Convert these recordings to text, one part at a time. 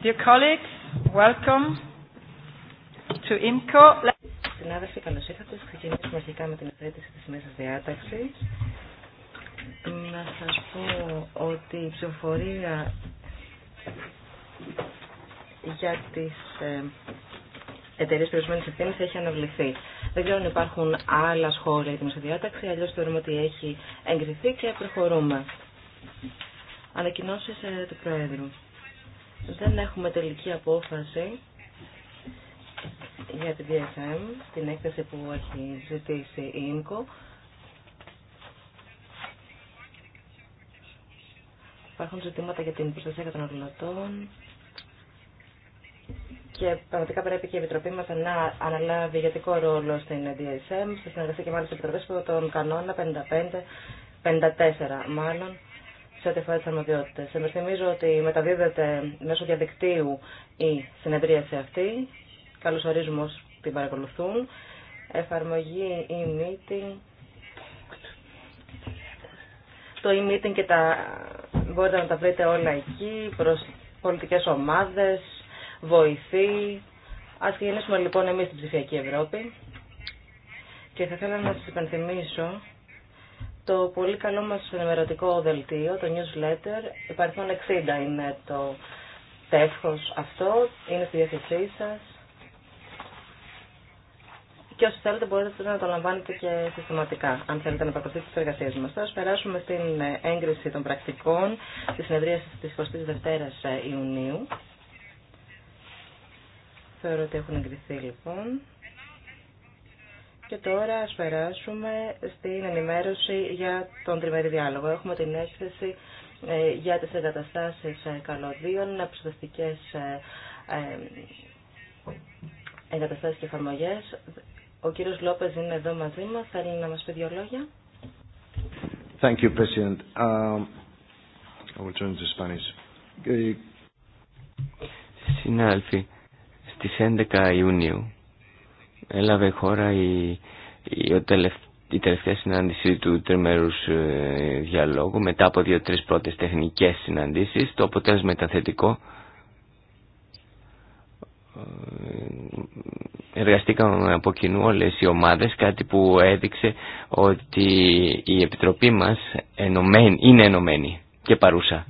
Dear colleagues, welcome to IMCO. Συνάδελφοι, καλώ ήρθατε. ξεκινήσουμε αρχικά με την εξέτηση τη μέσα διάταξη Να σα πω ότι η ψηφοφορία για τι ε, εταιρείε περιορισμένη ευθύνη έχει αναβληθεί. Δεν ξέρω αν υπάρχουν άλλα σχόλια για τη μέσα διάταξη, αλλιώ θεωρούμε ότι έχει εγκριθεί και προχωρούμε. Ανακοινώσει ε, του Προέδρου. Δεν έχουμε τελική απόφαση για την DSM, την έκθεση που έχει ζητήσει η ΊΝΚΟ. Υπάρχουν ζητήματα για την προστασία καταναλωτών και πραγματικά πρέπει και η Επιτροπή μας να αναλάβει ηγετικό ρόλο στην DSM, σε συνεργασία και μάλιστα επιτροπές που τον κανόνα 55, 54 μάλλον, σε ό,τι αφορά τι αρμοδιότητε. Ενθυμίζω ότι μεταδίδεται μέσω διαδικτύου η συνεδρίαση αυτή. Καλώ ορίζουμε όσοι την παρακολουθούν. Εφαρμογή e-meeting. Το e-meeting και τα... μπορείτε να τα βρείτε όλα εκεί προ πολιτικέ ομάδε, βοηθή. Α γεννήσουμε λοιπόν εμεί την ψηφιακή Ευρώπη. Και θα ήθελα να σα υπενθυμίσω το πολύ καλό μας ενημερωτικό δελτίο, το newsletter, υπάρχουν 60 είναι το τεύχος αυτό, είναι στη διάθεσή σας. Και όσοι θέλετε μπορείτε να το λαμβάνετε και συστηματικά, αν θέλετε να παρακολουθείτε τις εργασίες μας. Τώρα περάσουμε στην έγκριση των πρακτικών της συνεδρίας της 22ης Ιουνίου. Θεωρώ ότι έχουν εγκριθεί λοιπόν. Και τώρα ας περάσουμε στην ενημέρωση για τον τριμερή διάλογο. Έχουμε την έκθεση ε, για τις εγκαταστάσεις ε, καλωδίων, ψηφιστικές ε, εγκαταστάσεις και εφαρμογές. Ο κύριος Λόπες είναι εδώ μαζί μας. Θέλει να μας πει δύο λόγια. Thank you, President. Um, I will turn to Spanish. Συνάλφη, στις 11 Ιουνίου έλαβε χώρα η, η, η τελευταία συνάντηση του τριμερούς ε, διαλόγου μετά από δύο-τρεις πρώτες τεχνικές συναντήσεις. Το αποτέλεσμα ήταν θετικό. Ε, εργαστήκαμε από κοινού όλες οι ομάδες, κάτι που έδειξε ότι η Επιτροπή μας ενωμένη, είναι ενωμένη και παρούσα.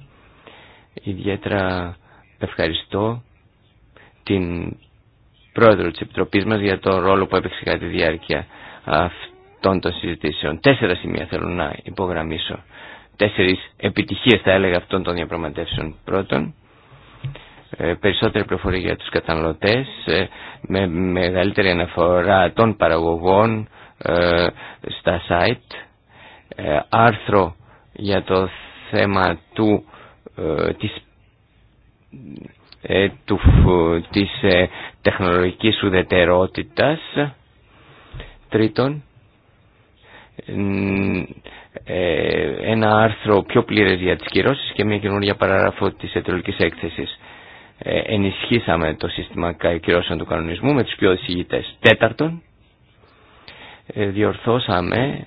Ιδιαίτερα ευχαριστώ την πρόεδρο της Επιτροπής μας για τον ρόλο που έπαιξε κατά τη διάρκεια αυτών των συζητήσεων. Τέσσερα σημεία θέλω να υπογραμμίσω. Τέσσερις επιτυχίες θα έλεγα αυτών των διαπραγματεύσεων. Πρώτον, ε, περισσότερη πληροφορία για τους καταναλωτές, ε, με μεγαλύτερη αναφορά των παραγωγών ε, στα site, άρθρο για το θέμα του της ε, του, της ε, τεχνολογικής ουδετερότητας. Τρίτον, ε, ένα άρθρο πιο πλήρες για τις κυρώσεις και μια καινούργια παράγραφο της εταιρολικής έκθεσης. ενισχύσαμε το σύστημα κυρώσεων του κανονισμού με τους πιο εισηγητές. Τέταρτον, διορθώσαμε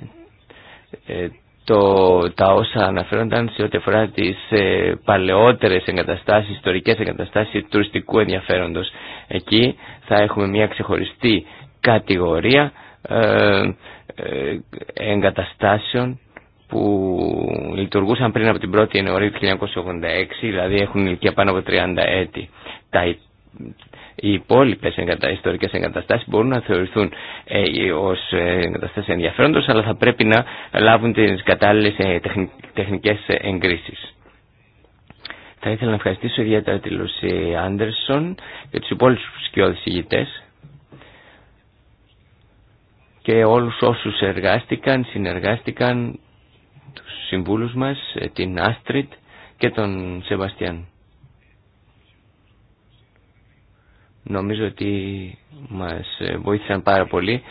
το, τα όσα αναφέρονταν σε ό,τι αφορά τις ε, παλαιότερες εγκαταστάσεις, ιστορικές εγκαταστάσεις τουριστικού ενδιαφέροντος. Εκεί θα έχουμε μια ξεχωριστή κατηγορία ε, ε, εγκαταστάσεων που λειτουργούσαν πριν από την 1η Ιανουαρίου 1986, δηλαδή έχουν ηλικία πάνω από 30 έτη. Τα, οι υπόλοιπε εγκατα... ιστορικέ εγκαταστάσει μπορούν να θεωρηθούν ε, ω ε, εγκαταστάσει ενδιαφέροντο, αλλά θα πρέπει να λάβουν τι κατάλληλε ε, τεχνικέ εγκρίσει. Θα ήθελα να ευχαριστήσω ιδιαίτερα τη Λούση Άντερσον και του υπόλοιπου σκιώδει ηγητέ και όλου όσου εργάστηκαν, συνεργάστηκαν, του συμβούλου μα, ε, την Άστριτ και τον Σεβαστιάν. Νομίζω ότι μας βοήθησαν πάρα πολύ.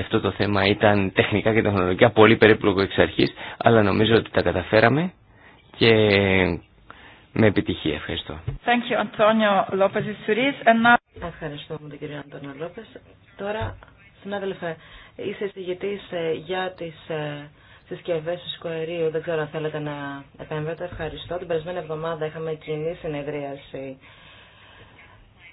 αυτό το θέμα ήταν τεχνικά και τεχνολογικά πολύ περίπλοκο εξ αρχής, αλλά νομίζω ότι τα καταφέραμε και με επιτυχία. Ευχαριστώ. Ευχαριστώ, τον κύριο Αντώνιο Λόπες. Τώρα, συνάδελφε, είσαι εισηγητής ε, για τις ε, συσκευέ του Σκοερίου. Δεν ξέρω αν θέλετε να επέμβετε. Ευχαριστώ. Την περασμένη εβδομάδα είχαμε κοινή συνεδρίαση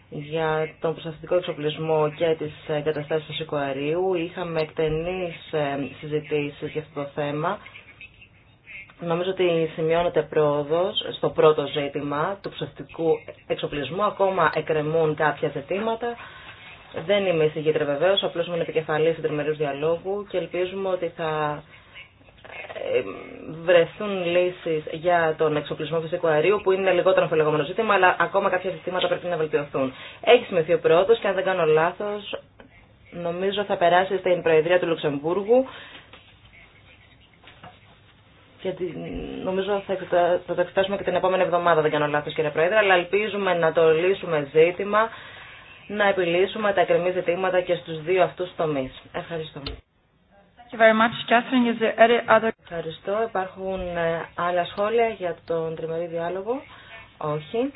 για τον προσταστικό εξοπλισμό και τις ε, καταστάσεις του Σικοαρίου. Είχαμε εκτενείς ε, συζητήσεις για αυτό το θέμα. Νομίζω ότι σημειώνεται πρόοδος στο πρώτο ζήτημα του προσταστικού εξοπλισμού. Ακόμα εκρεμούν κάποια ζητήματα. Δεν είμαι εισηγήτρια βεβαίω, απλώ είμαι επικεφαλή του διαλόγου και ελπίζουμε ότι θα ε, βρεθούν λύσεις για τον εξοπλισμό φυσικού αερίου που είναι λιγότερο αμφιλεγόμενο ζήτημα αλλά ακόμα κάποια συστήματα πρέπει να βελτιωθούν. Έχει σημειωθεί ο πρώτος και αν δεν κάνω λάθος νομίζω θα περάσει στην Προεδρία του Λουξεμβούργου και νομίζω θα, το εξετάσουμε και την επόμενη εβδομάδα, δεν κάνω λάθος κύριε Πρόεδρε, αλλά ελπίζουμε να το λύσουμε ζήτημα, να επιλύσουμε τα εκκρεμή ζητήματα και στους δύο αυτούς τομεί. Ευχαριστώ. Ευχαριστώ. Υπάρχουν ε, άλλα σχόλια για τον τριμερή διάλογο. Όχι.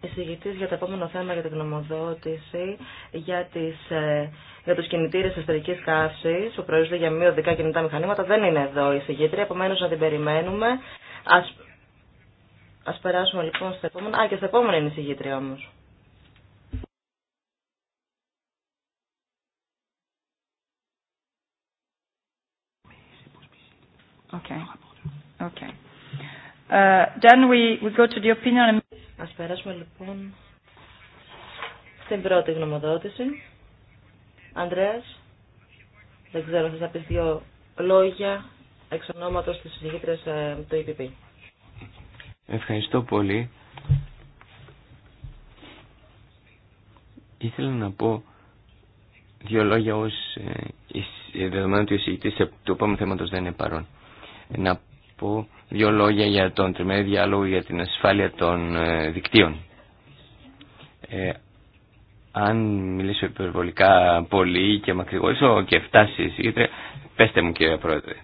Εισηγητή για το επόμενο θέμα για την γνωμοδότηση για, τις, ε, για του κινητήρε εσωτερικής καύση που προορίζονται για μειωδικά κινητά μηχανήματα δεν είναι εδώ η εισηγήτρια, επομένω να την περιμένουμε. Α ας περάσουμε λοιπόν στο επόμενο. Α, και στο επόμενο είναι η εισηγήτρια όμω. Okay. Ας περάσουμε λοιπόν στην πρώτη γνωμοδότηση. Ανδρέας, δεν ξέρω, θες να πεις δύο λόγια εξ ονόματος της συζητήτρες ε, του ΕΠΠ. Ευχαριστώ πολύ. Ήθελα να πω δύο λόγια ως ε, ε δεδομένου του εισηγητής του επόμενου θέματος δεν είναι παρόν να πω δύο λόγια για τον τριμερή διάλογο για την ασφάλεια των ε, δικτύων. Ε, αν μιλήσω υπερβολικά πολύ και μακρηγορήσω και φτάσει η πέστε μου κύριε Πρόεδρε.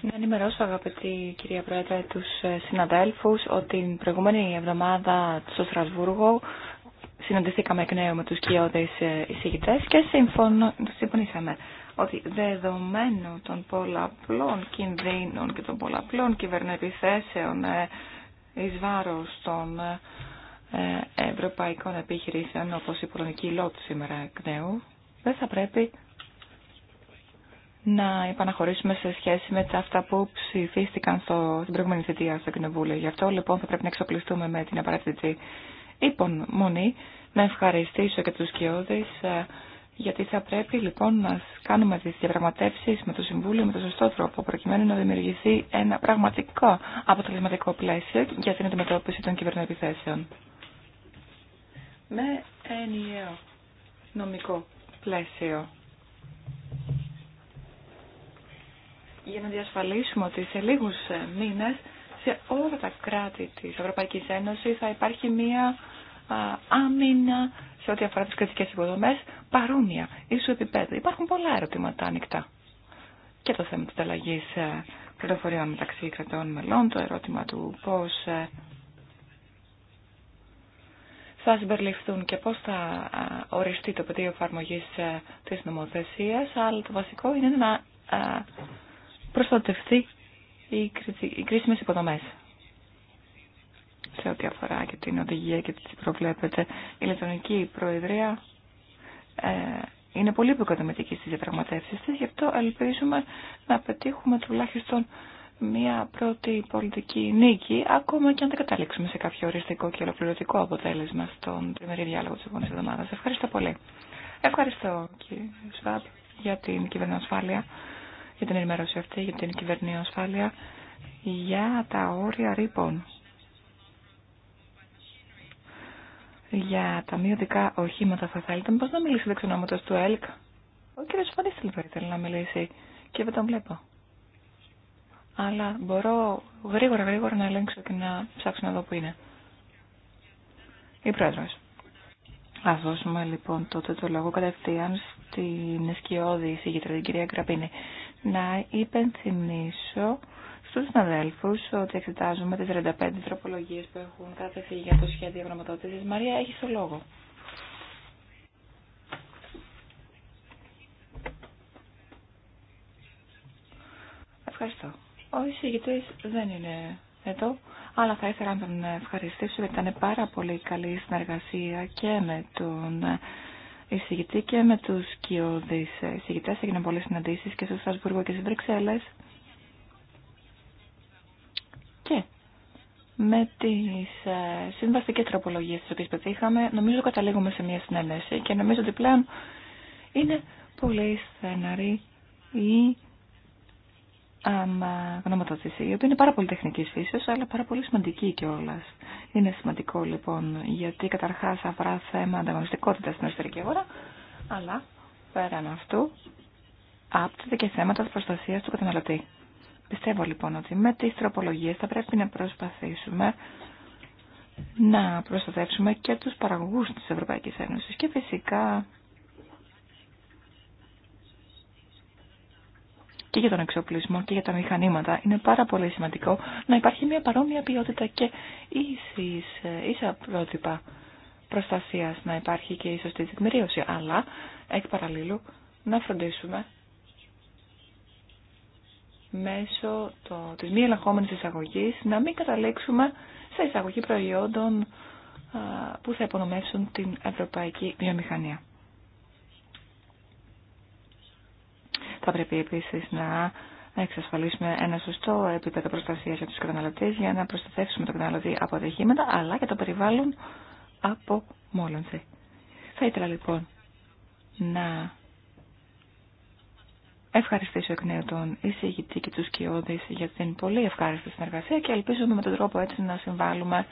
Να ενημερώσω αγαπητή κυρία Πρόεδρε τους ε, συναδέλφους ότι την προηγούμενη εβδομάδα στο Στρασβούργο συναντηθήκαμε εκ νέου με τους κοιόδες ε, εισηγητές και συμφωνήσαμε ότι δεδομένου των πολλαπλών κινδύνων και των πολλαπλών κυβερνεπιθέσεων ε, εις βάρος των ε, ευρωπαϊκών επιχειρήσεων όπως η πολωνική ΛΟΤ σήμερα εκ νέου, δεν θα πρέπει να επαναχωρήσουμε σε σχέση με αυτά που ψηφίστηκαν στο, στην προηγούμενη θητεία στο Κοινοβούλιο. Γι' αυτό λοιπόν θα πρέπει να εξοπλιστούμε με την απαραίτητη υπομονή. Να ευχαριστήσω και τους κοιόδης ε, γιατί θα πρέπει λοιπόν να κάνουμε τις διαπραγματεύσεις με το Συμβούλιο με τον σωστό τρόπο, προκειμένου να δημιουργηθεί ένα πραγματικό αποτελεσματικό πλαίσιο για την αντιμετώπιση των κυβερνοεπιθέσεων. Με ενιαίο νομικό πλαίσιο. Για να διασφαλίσουμε ότι σε λίγους μήνες σε όλα τα κράτη της Ευρωπαϊκής Ένωσης θα υπάρχει μία άμυνα, σε ό,τι αφορά τις κριτικές υποδομές, παρούμια, ίσου επίπεδου. Υπάρχουν πολλά ερωτήματα ανοιχτά. Και το θέμα της αλλαγής ε, πληροφοριών μεταξύ κρατών μελών, το ερώτημα του πώς ε, θα συμπεριληφθούν και πώς θα οριστεί το πεδίο εφαρμογή ε, της νομοθεσίας, αλλά το βασικό είναι να προστατευτεί οι κρίσιμες υποδομές σε ό,τι αφορά και την οδηγία και τι προβλέπεται. Η ηλεκτρονική προεδρία ε, είναι πολύ υποκατομητική στις διαπραγματεύσεις της, γι' αυτό ελπίζουμε να πετύχουμε τουλάχιστον μια πρώτη πολιτική νίκη, ακόμα και αν δεν καταλήξουμε σε κάποιο οριστικό και ολοκληρωτικό αποτέλεσμα στον τριμερή διάλογο της επόμενης εβδομάδας. Ευχαριστώ πολύ. Ευχαριστώ κύριε Σβάμπ για την κυβερνοασφάλεια, για την ενημέρωση αυτή, για την ασφάλεια, για τα όρια ρήπων για τα οδικά οχήματα θα θέλετε. Μήπως να μιλήσετε εξ ονόματος του ΕΛΚ. Ο κ. Φανίστηλ θα να μιλήσει και δεν τον βλέπω. Αλλά μπορώ γρήγορα γρήγορα να ελέγξω και να ψάξω να δω που είναι. Η πρόεδρος. Ας δώσουμε λοιπόν τότε το λόγο κατευθείαν στην σκιώδη εισηγήτρια την κυρία Γκραπίνη. Να υπενθυμίσω στους συναδέλφους ότι εξετάζουμε τις 35 τροπολογίε που έχουν κατατεθεί για το σχέδιο γραμματότητα. Μαρία, έχει το λόγο. Ευχαριστώ. Ο εισηγητής δεν είναι εδώ, αλλά θα ήθελα να τον ευχαριστήσω γιατί ήταν πάρα πολύ καλή συνεργασία και με τον εισηγητή και με τους κοιόδης εισηγητές. Έγιναν πολλές συναντήσεις και στο Στρασβούργο και στις Βρυξέλλες με τι ε, συμβαστικές τροπολογίες τις οποίες πετύχαμε, νομίζω καταλήγουμε σε μια συνέντευξη και νομίζω ότι πλέον είναι πολύ στεναρή η γνωματοδότηση, η οποία είναι πάρα πολύ τεχνική φύσεως, αλλά πάρα πολύ σημαντική κιόλα. Είναι σημαντικό λοιπόν, γιατί καταρχά αφορά θέμα ανταγωνιστικότητα στην εσωτερική αγορά, αλλά πέραν αυτού άπτεται και θέματα προστασία του καταναλωτή. Πιστεύω λοιπόν ότι με τις τροπολογίες θα πρέπει να προσπαθήσουμε να προστατεύσουμε και τους παραγωγούς της Ευρωπαϊκής Ένωσης και φυσικά και για τον εξοπλισμό και για τα μηχανήματα. Είναι πάρα πολύ σημαντικό να υπάρχει μια παρόμοια ποιότητα και ίσης, ίσα πρότυπα προστασίας να υπάρχει και η σωστή τεκμηρίωση, αλλά εκ παραλλήλου να φροντίσουμε μέσω το, της μη ελεγχόμενης εισαγωγής να μην καταλήξουμε σε εισαγωγή προϊόντων που θα υπονομεύσουν την ευρωπαϊκή βιομηχανία. Θα πρέπει επίσης να εξασφαλίσουμε ένα σωστό επίπεδο προστασίας για τους καταναλωτές για να προστατεύσουμε το καταναλωτή από ατυχήματα αλλά και το περιβάλλον από μόλυνση. Θα ήθελα λοιπόν να ευχαριστήσω εκ νέου τον εισηγητή και τους κοιόδης για την πολύ ευχάριστη συνεργασία και ελπίζουμε με τον τρόπο έτσι να συμβάλλουμε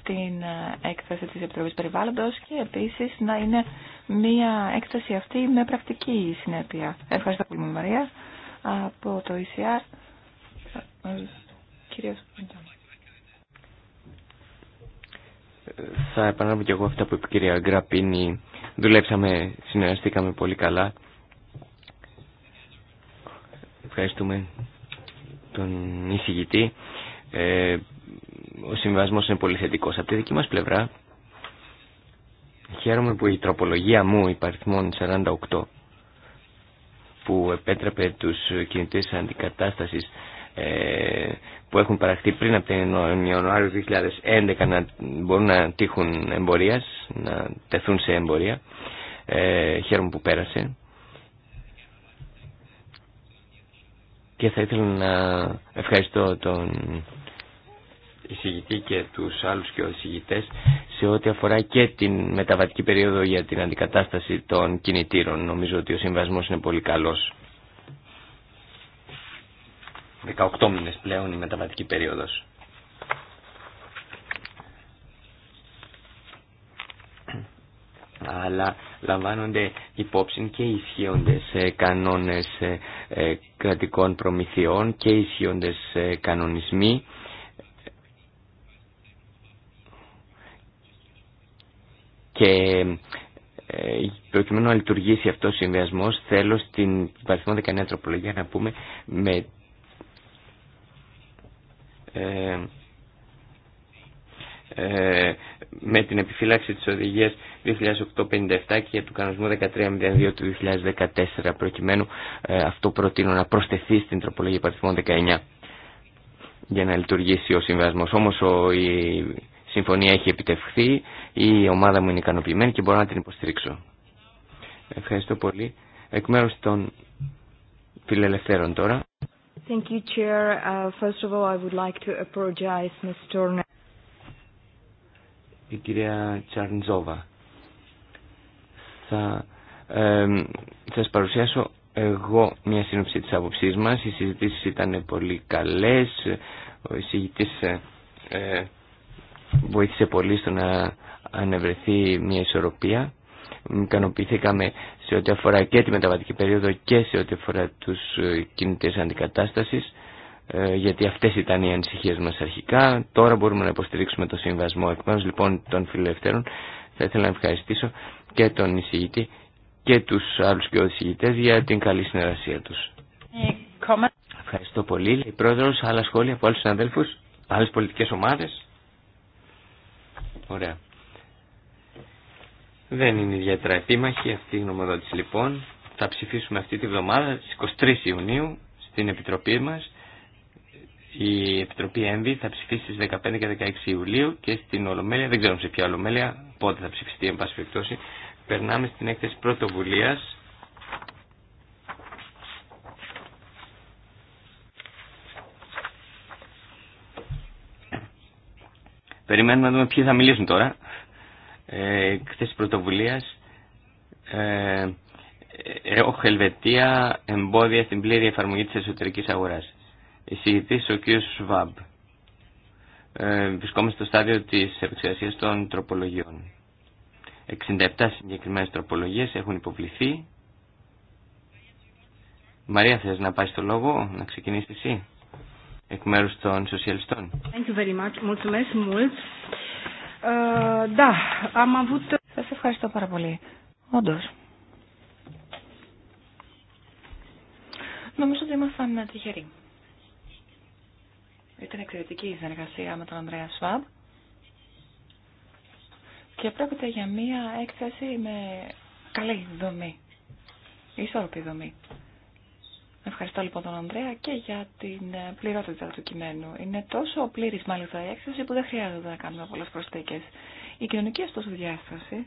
στην ε, έκθεση της Επιτροπής Περιβάλλοντος και επίσης να είναι μια έκθεση αυτή με πρακτική συνέπεια. Ευχαριστώ πολύ Μαρία από το ECR. Ε, Θα επαναλάβω και εγώ αυτά που είπε η κυρία Γκραπίνη. Δουλέψαμε, συνεργαστήκαμε πολύ καλά. Ευχαριστούμε τον εισηγητή. Ε, ο συμβασμό είναι πολύ θετικός. Από τη δική μας πλευρά χαίρομαι που η τροπολογία μου υπαριθμών 48 που επέτρεπε τους κινητές αντικατάστασης ε, που έχουν παραχθεί πριν από τον Ιανουάριο 2011 να μπορούν να τύχουν εμπορίας, να τεθούν σε εμπορία. Ε, χαίρομαι που πέρασε. και θα ήθελα να ευχαριστώ τον εισηγητή και τους άλλους και εισηγητές σε ό,τι αφορά και την μεταβατική περίοδο για την αντικατάσταση των κινητήρων. Νομίζω ότι ο συμβασμός είναι πολύ καλός. 18 μήνες πλέον η μεταβατική περίοδος. αλλά λαμβάνονται υπόψη και ισχύοντες ε, κανόνες ε, ε, κρατικών προμηθειών και ισχύοντες κανονισμοί και προκειμένου να λειτουργήσει αυτό ο συνδυασμός θέλω στην παριθμό 19 τροπολογία να πούμε με ε, με την επιφύλαξη της οδηγίας 2008-57 και του κανονισμού 1302 του 2014 προκειμένου ε, αυτό προτείνω να προσθεθεί στην τροπολογία παριθμών 19 για να λειτουργήσει ο συμβασμός. Όμως ο, η συμφωνία έχει επιτευχθεί, η ομάδα μου είναι ικανοποιημένη και μπορώ να την υποστηρίξω. Ευχαριστώ πολύ. Εκ μέρους των φιλελευθέρων τώρα. Thank you, Chair. Uh, first of all, I would like to apologize, η κυρία Τσαρντζόβα. Θα ε, σας παρουσιάσω εγώ μια σύνοψη της άποψής μας. Οι συζητήσεις ήταν πολύ καλές. Ο εισηγητής ε, ε, βοήθησε πολύ στο να ανεβρεθεί μια ισορροπία. Κανοποίηθηκαμε σε ό,τι αφορά και τη μεταβατική περίοδο και σε ό,τι αφορά τους ε, κινητές αντικατάστασης. Ε, γιατί αυτές ήταν οι ανησυχίες μας αρχικά. Τώρα μπορούμε να υποστηρίξουμε το συμβασμό εκ λοιπόν των φιλελευθέρων. Θα ήθελα να ευχαριστήσω και τον εισηγητή και τους άλλους πιο εισηγητές για την καλή συνεργασία τους. Ευχαριστώ πολύ. Λέει πρόεδρος, άλλα σχόλια από άλλους συναδέλφους, άλλες πολιτικές ομάδες. Ωραία. Δεν είναι ιδιαίτερα επίμαχη αυτή η γνωμοδότηση λοιπόν. Θα ψηφίσουμε αυτή τη βδομάδα στις 23 Ιουνίου στην Επιτροπή μας η Επιτροπή ΕΜΒΗ θα ψηφίσει στις 15 και 16 Ιουλίου και στην Ολομέλεια, δεν ξέρουμε σε ποια Ολομέλεια, πότε θα ψηφιστεί, εν πάση περιπτώσει. Περνάμε στην έκθεση πρωτοβουλία. Περιμένουμε να δούμε ποιοι θα μιλήσουν τώρα. Ε, έκθεση πρωτοβουλία. Ε, ο εμπόδια στην πλήρη εφαρμογή της εσωτερικής αγοράς εισηγητή ο κ. Σουβάμπ. Ε, βρισκόμαστε στο στάδιο της επεξεργασία των τροπολογιών. 67 συγκεκριμένε τροπολογίε έχουν υποβληθεί. Μαρία, θες να πάει στο λόγο, να ξεκινήσεις εσύ, εκ μέρου των σοσιαλιστών. Thank you very much. Ε, ευχαριστώ πάρα πολύ. Όντω. Νομίζω ότι ήμασταν τυχεροί ήταν εξαιρετική η συνεργασία με τον Ανδρέα Σβάμπ και πρόκειται για μία έκθεση με καλή δομή, ισόρροπη δομή. Ευχαριστώ λοιπόν τον Ανδρέα και για την ε, πληρότητα του κειμένου. Είναι τόσο πλήρη μάλιστα η έκθεση που δεν χρειάζεται να κάνουμε πολλέ προσθήκε. Η κοινωνική ωστόσο διάσταση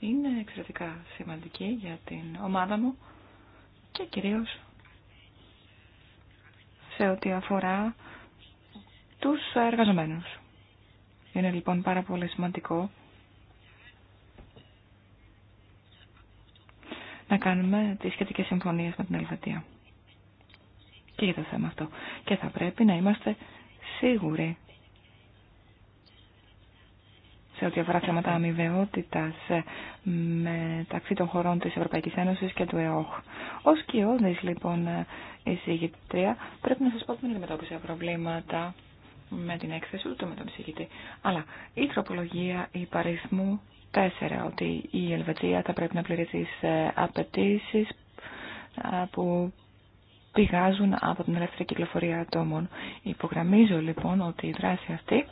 είναι εξαιρετικά σημαντική για την ομάδα μου και κυρίως σε ό,τι αφορά τους εργαζομένους. Είναι λοιπόν πάρα πολύ σημαντικό να κάνουμε τις σχετικές συμφωνίες με την Ελβετία. Και για το θέμα αυτό. Και θα πρέπει να είμαστε σίγουροι σε ό,τι αφορά θέματα αμοιβαιότητα ε, μεταξύ των χωρών τη Ευρωπαϊκή Ένωση και του ΕΟΧ. Ως κοιόδης λοιπόν ε, εισηγητρία πρέπει να σα πω ότι δεν αντιμετώπισα προβλήματα με την έκθεση ούτε με τον εισηγητή. Αλλά η τροπολογία υπαριθμού 4 ότι η Ελβετία θα πρέπει να πληρεί τι ε, απαιτήσει που πηγάζουν από την ελεύθερη κυκλοφορία ατόμων. Υπογραμμίζω λοιπόν ότι η δράση αυτή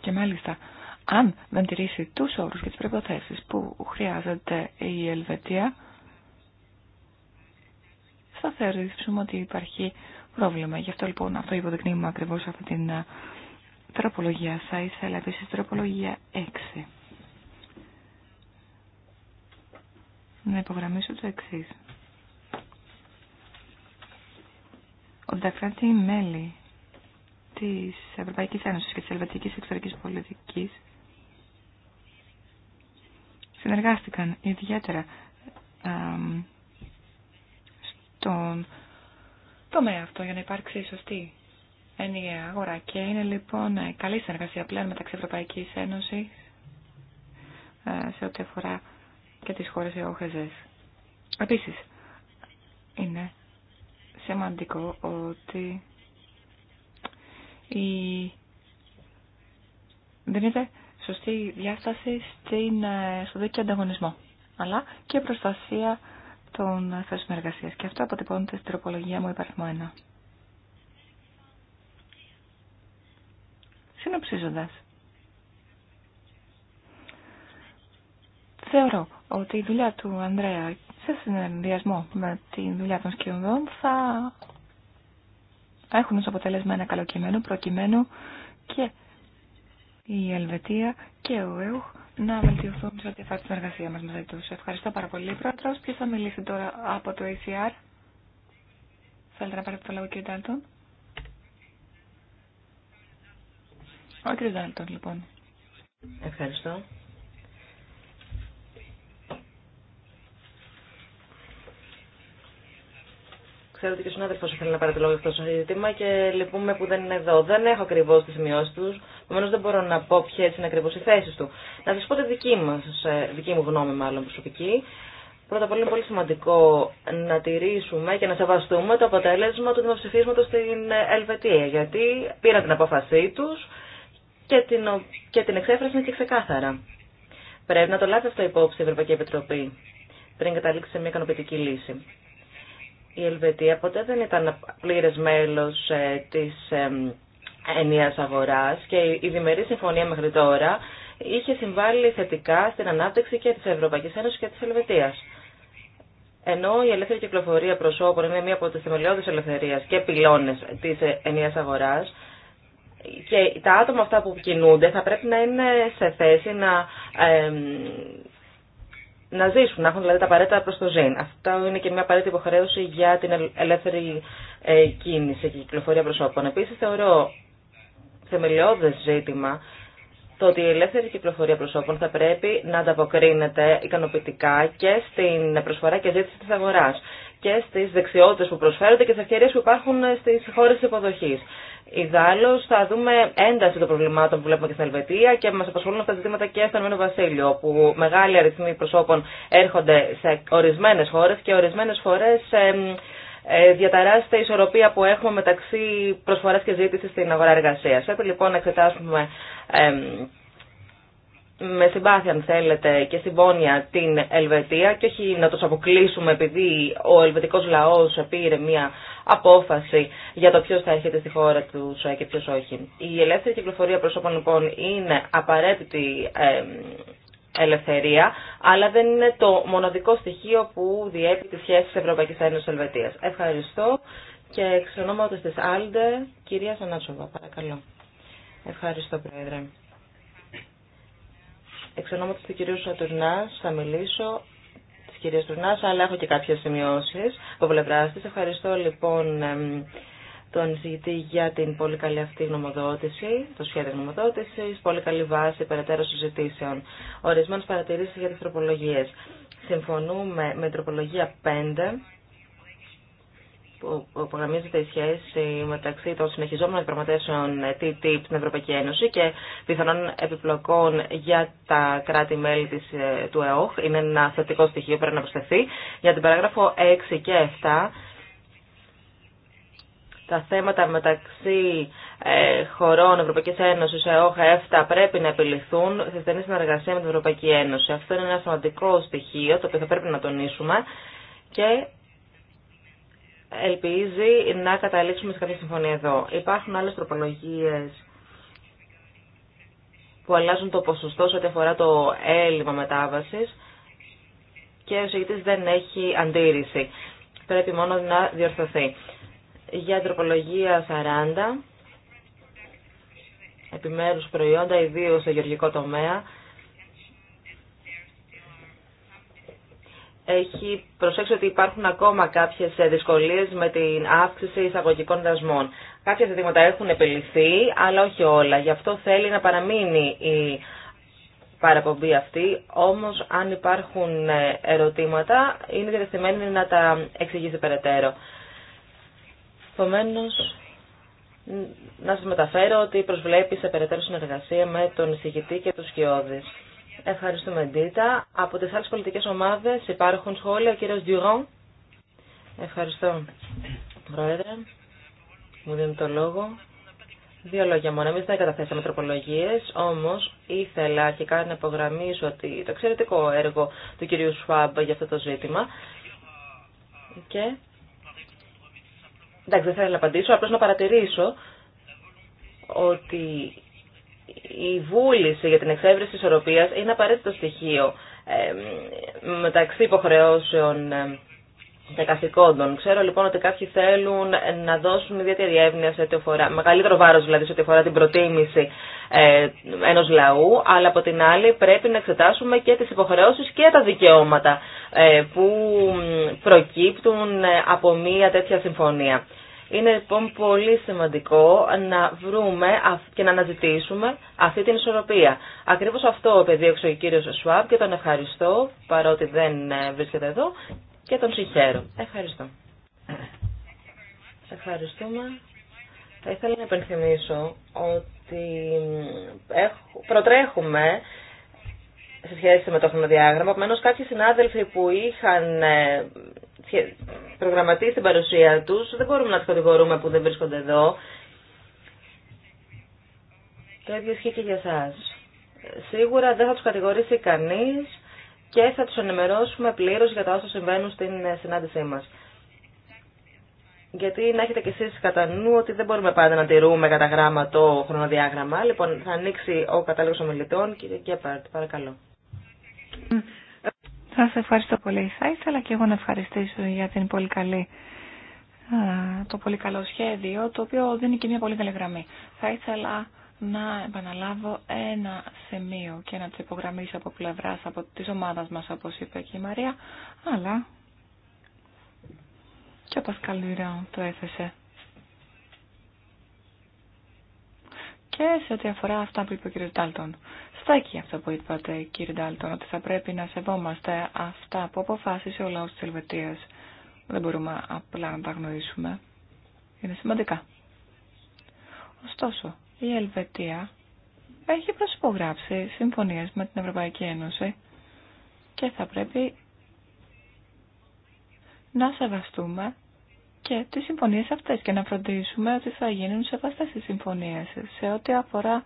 και μάλιστα αν δεν τηρήσει τους όρους και τις προϋποθέσεις που χρειάζεται η Ελβετία, θα θεωρήσουμε ότι υπάρχει πρόβλημα. Γι' αυτό λοιπόν αυτό υποδεικνύουμε ακριβώς αυτή την ε, τροπολογία. Θα ήθελα επίση τροπολογία 6. Να υπογραμμίσω το εξή. Ο τα μελη της Ευρωπαϊκής Ένωσης και της Ελβετικής Εξωτερικής Πολιτικής συνεργάστηκαν ιδιαίτερα στον τομέα αυτό για να υπάρξει σωστή ενιαία αγορά. Και είναι λοιπόν καλή συνεργασία πλέον μεταξύ Ευρωπαϊκή Ένωσης ε, σε ό,τι αφορά και τις χώρες ΕΟΧΕΖΕΣ. Επίσης, είναι σημαντικό ότι η... είναι σωστή διάσταση στην, ε, στο δίκαιο ανταγωνισμό, αλλά και προστασία των θέσεων εργασία. Και αυτό αποτυπώνεται στην τροπολογία μου υπαριθμό 1. Συνοψίζοντα, θεωρώ ότι η δουλειά του Ανδρέα σε συνδυασμό με τη δουλειά των σκηνοδών θα έχουν ως αποτέλεσμα ένα καλό προκειμένου και η Ελβετία και ο ΕΟΧ να βελτιωθούν σε ό,τι αφορά τη εργασία μα μαζί του. Ευχαριστώ πάρα πολύ, Πρόεδρο. Ποιο θα μιλήσει τώρα από το ACR, Θέλετε να πάρετε το λόγο, κύριε Ντάλτον. Ο κύριο Ντάλτον, λοιπόν. Ευχαριστώ. Ξέρω ότι και ο συνάδελφο ήθελε να πάρει το λόγο αυτό το ζήτημα και λυπούμε που δεν είναι εδώ. Δεν έχω ακριβώ τι σημειώσει του, επομένω δεν μπορώ να πω ποιε είναι ακριβώ οι θέσει του. Να σα πω τη δική, μας, ε, δική μου γνώμη, μάλλον προσωπική. Πρώτα απ' όλα είναι πολύ σημαντικό να τηρήσουμε και να σεβαστούμε το αποτέλεσμα του δημοψηφίσματο στην Ελβετία, γιατί πήραν την απόφασή του και την, και την εξέφρασαν και ξεκάθαρα. Πρέπει να το λάβει αυτό υπόψη η Ευρωπαϊκή Επιτροπή πριν καταλήξει σε μια ικανοποιητική λύση η Ελβετία ποτέ δεν ήταν πλήρες μέλος ε, της ε, ενία αγοράς και η διμερή συμφωνία μέχρι τώρα είχε συμβάλει θετικά στην ανάπτυξη και της Ευρωπαϊκής Ένωσης και της Ελβετίας. Ενώ η ελεύθερη κυκλοφορία προσώπων είναι μία από τις θεμελιώδεις ελευθερία και πυλώνες της ενίας αγοράς, και τα άτομα αυτά που κινούνται θα πρέπει να είναι σε θέση να ε, να ζήσουν, να έχουν δηλαδή τα απαραίτητα προ το ζήν. Αυτό είναι και μια απαραίτητη υποχρέωση για την ελεύθερη ε, κίνηση και κυκλοφορία προσώπων. Επίση, θεωρώ θεμελιώδε ζήτημα το ότι η ελεύθερη κυκλοφορία προσώπων θα πρέπει να ανταποκρίνεται ικανοποιητικά και στην προσφορά και ζήτηση τη αγορά και στι δεξιότητε που προσφέρονται και στι ευκαιρίε που υπάρχουν στις χώρες υποδοχή. Ιδάλω θα δούμε ένταση των προβλημάτων που βλέπουμε και στην Ελβετία και μα απασχολούν αυτά τα ζητήματα και στον Ηνωμένο Βασίλειο, όπου μεγάλοι αριθμοί προσώπων έρχονται σε ορισμένε χώρε και ορισμένε φορέ ε, διαταράσσεται η ισορροπία που έχουμε μεταξύ προσφορά και ζήτηση στην αγορά εργασία. λοιπόν να εξετάσουμε με συμπάθεια αν θέλετε και συμπόνια την Ελβετία και όχι να τους αποκλείσουμε επειδή ο ελβετικός λαός πήρε μια απόφαση για το ποιος θα έρχεται στη χώρα τους ε, και ποιος όχι. Η ελεύθερη κυκλοφορία προσώπων λοιπόν είναι απαραίτητη ελευθερία, αλλά δεν είναι το μοναδικό στοιχείο που διέπει τις σχέσεις Ευρωπαϊκής Ένωσης Ελβετίας. Ευχαριστώ και εξ ονόματος της Άλντε, κυρία Σανάτσοβα, παρακαλώ. Ευχαριστώ, Πρόεδρε. Εξ ονόματο του κυρίου Σατουρνά, θα μιλήσω, της κυρίας Τουρνά, αλλά έχω και κάποιες σημειώσεις από πλευρά τη. Ευχαριστώ λοιπόν τον εισηγητή για την πολύ καλή αυτή γνωμοδότηση, το σχέδιο γνωμοδότηση, πολύ καλή βάση περαιτέρω συζητήσεων. Ορισμένε παρατηρήσει για τι τροπολογίε. Συμφωνούμε με τροπολογία 5 απογραμμίζεται η σχέση μεταξύ των συνεχιζόμενων διαπραγματεύσεων TTIP στην Ευρωπαϊκή Ένωση και πιθανών επιπλοκών για τα κράτη-μέλη ε, του ΕΟΧ. Είναι ένα θετικό στοιχείο πρέπει να προσθεθεί. Για την παράγραφο 6 και 7 τα θέματα μεταξύ ε, χωρών Ευρωπαϊκής Ένωσης, ΕΟΧ, ΕΦΤΑ πρέπει να επιληθούν σε στενή συνεργασία με την Ευρωπαϊκή Ένωση. Αυτό είναι ένα σημαντικό στοιχείο το οποίο θα πρέπει να τονίσουμε και ελπίζει να καταλήξουμε σε κάποια συμφωνία εδώ. Υπάρχουν άλλες τροπολογίες που αλλάζουν το ποσοστό σε ό,τι αφορά το έλλειμμα μετάβασης και ο συγκεκριτής δεν έχει αντίρρηση. Πρέπει μόνο να διορθωθεί. Για τροπολογία 40, επιμέρους προϊόντα, ιδίως στο γεωργικό τομέα, έχει προσέξει ότι υπάρχουν ακόμα κάποιες ε, δυσκολίες με την αύξηση εισαγωγικών δασμών. Κάποια ζητήματα έχουν επιληθεί, αλλά όχι όλα. Γι' αυτό θέλει να παραμείνει η παραπομπή αυτή, όμω αν υπάρχουν ε, ερωτήματα είναι διατεθειμένη να τα εξηγήσει περαιτέρω. Επομένω, να σα μεταφέρω ότι προσβλέπει σε περαιτέρω συνεργασία με τον εισηγητή και του Σκιώδη. Ευχαριστούμε, Ντίτα. Από τι άλλε πολιτικέ ομάδε υπάρχουν σχόλια. Ο κύριος Διουρόν. Ευχαριστώ, Πρόεδρε. Μου δίνει το λόγο. Δύο λόγια μόνο. Εμεί δεν καταθέσαμε τροπολογίε, όμω ήθελα αρχικά να υπογραμμίσω ότι το εξαιρετικό έργο του κυρίου Σουάμπ για αυτό το ζήτημα. Και. Εντάξει, δεν θέλω να απαντήσω, απλώ να παρατηρήσω ότι η βούληση για την εξέβρεση ισορροπίας είναι απαραίτητο στοιχείο μεταξύ υποχρεώσεων και καθηκόντων. Ξέρω λοιπόν ότι κάποιοι θέλουν να δώσουν ιδιαίτερη έμπνευση, σε ό,τι αφορά, μεγαλύτερο βάρος δηλαδή σε ό,τι αφορά την προτίμηση ε, ενός λαού, αλλά από την άλλη πρέπει να εξετάσουμε και τις υποχρεώσεις και τα δικαιώματα ε, που προκύπτουν ε, από μια τέτοια συμφωνία. Είναι λοιπόν πολύ σημαντικό να βρούμε και να αναζητήσουμε αυτή την ισορροπία. Ακριβώς αυτό επεδίωξε ο κύριος Σουάμπ και τον ευχαριστώ παρότι δεν ε, βρίσκεται εδώ και τον συγχαίρω. Ευχαριστώ. Ευχαριστούμε. Θα ήθελα να υπενθυμίσω ότι προτρέχουμε σε σχέση με το χρονοδιάγραμμα. Επομένω, κάποιοι συνάδελφοι που είχαν ε, προγραμματίσει την παρουσία τους. Δεν μπορούμε να τους κατηγορούμε που δεν βρίσκονται εδώ. Το ίδιο ισχύει και για εσά. Σίγουρα δεν θα τους κατηγορήσει κανείς και θα τους ενημερώσουμε πλήρως για τα όσα συμβαίνουν στην συνάντησή μας. Γιατί να έχετε κι εσείς κατά νου ότι δεν μπορούμε πάντα να τηρούμε κατά γράμμα το χρονοδιάγραμμα. Λοιπόν, θα ανοίξει ο κατάλογος ομιλητών. Κύριε Κέπαρτ, παρακαλώ σε ευχαριστώ πολύ. Θα ήθελα και εγώ να ευχαριστήσω για την πολύ καλή το πολύ καλό σχέδιο, το οποίο δίνει και μια πολύ καλή γραμμή. Θα ήθελα να επαναλάβω ένα σημείο και να το υπογραμμίσω από πλευρά από τη ομάδα μα, όπω είπε και η Μαρία, αλλά και ο Πασκάλ το έθεσε. Και σε ό,τι αφορά αυτά που είπε ο κ. Τάλτον στέκει αυτό που είπατε κύριε Ντάλτον, ότι θα πρέπει να σεβόμαστε αυτά που αποφάσισε ο λαός της Ελβετίας. Δεν μπορούμε απλά να τα γνωρίσουμε. Είναι σημαντικά. Ωστόσο, η Ελβετία έχει προσυπογράψει συμφωνίες με την Ευρωπαϊκή Ένωση και θα πρέπει να σεβαστούμε και τις συμφωνίες αυτές και να φροντίσουμε ότι θα γίνουν σεβαστές οι συμφωνίες σε ό,τι αφορά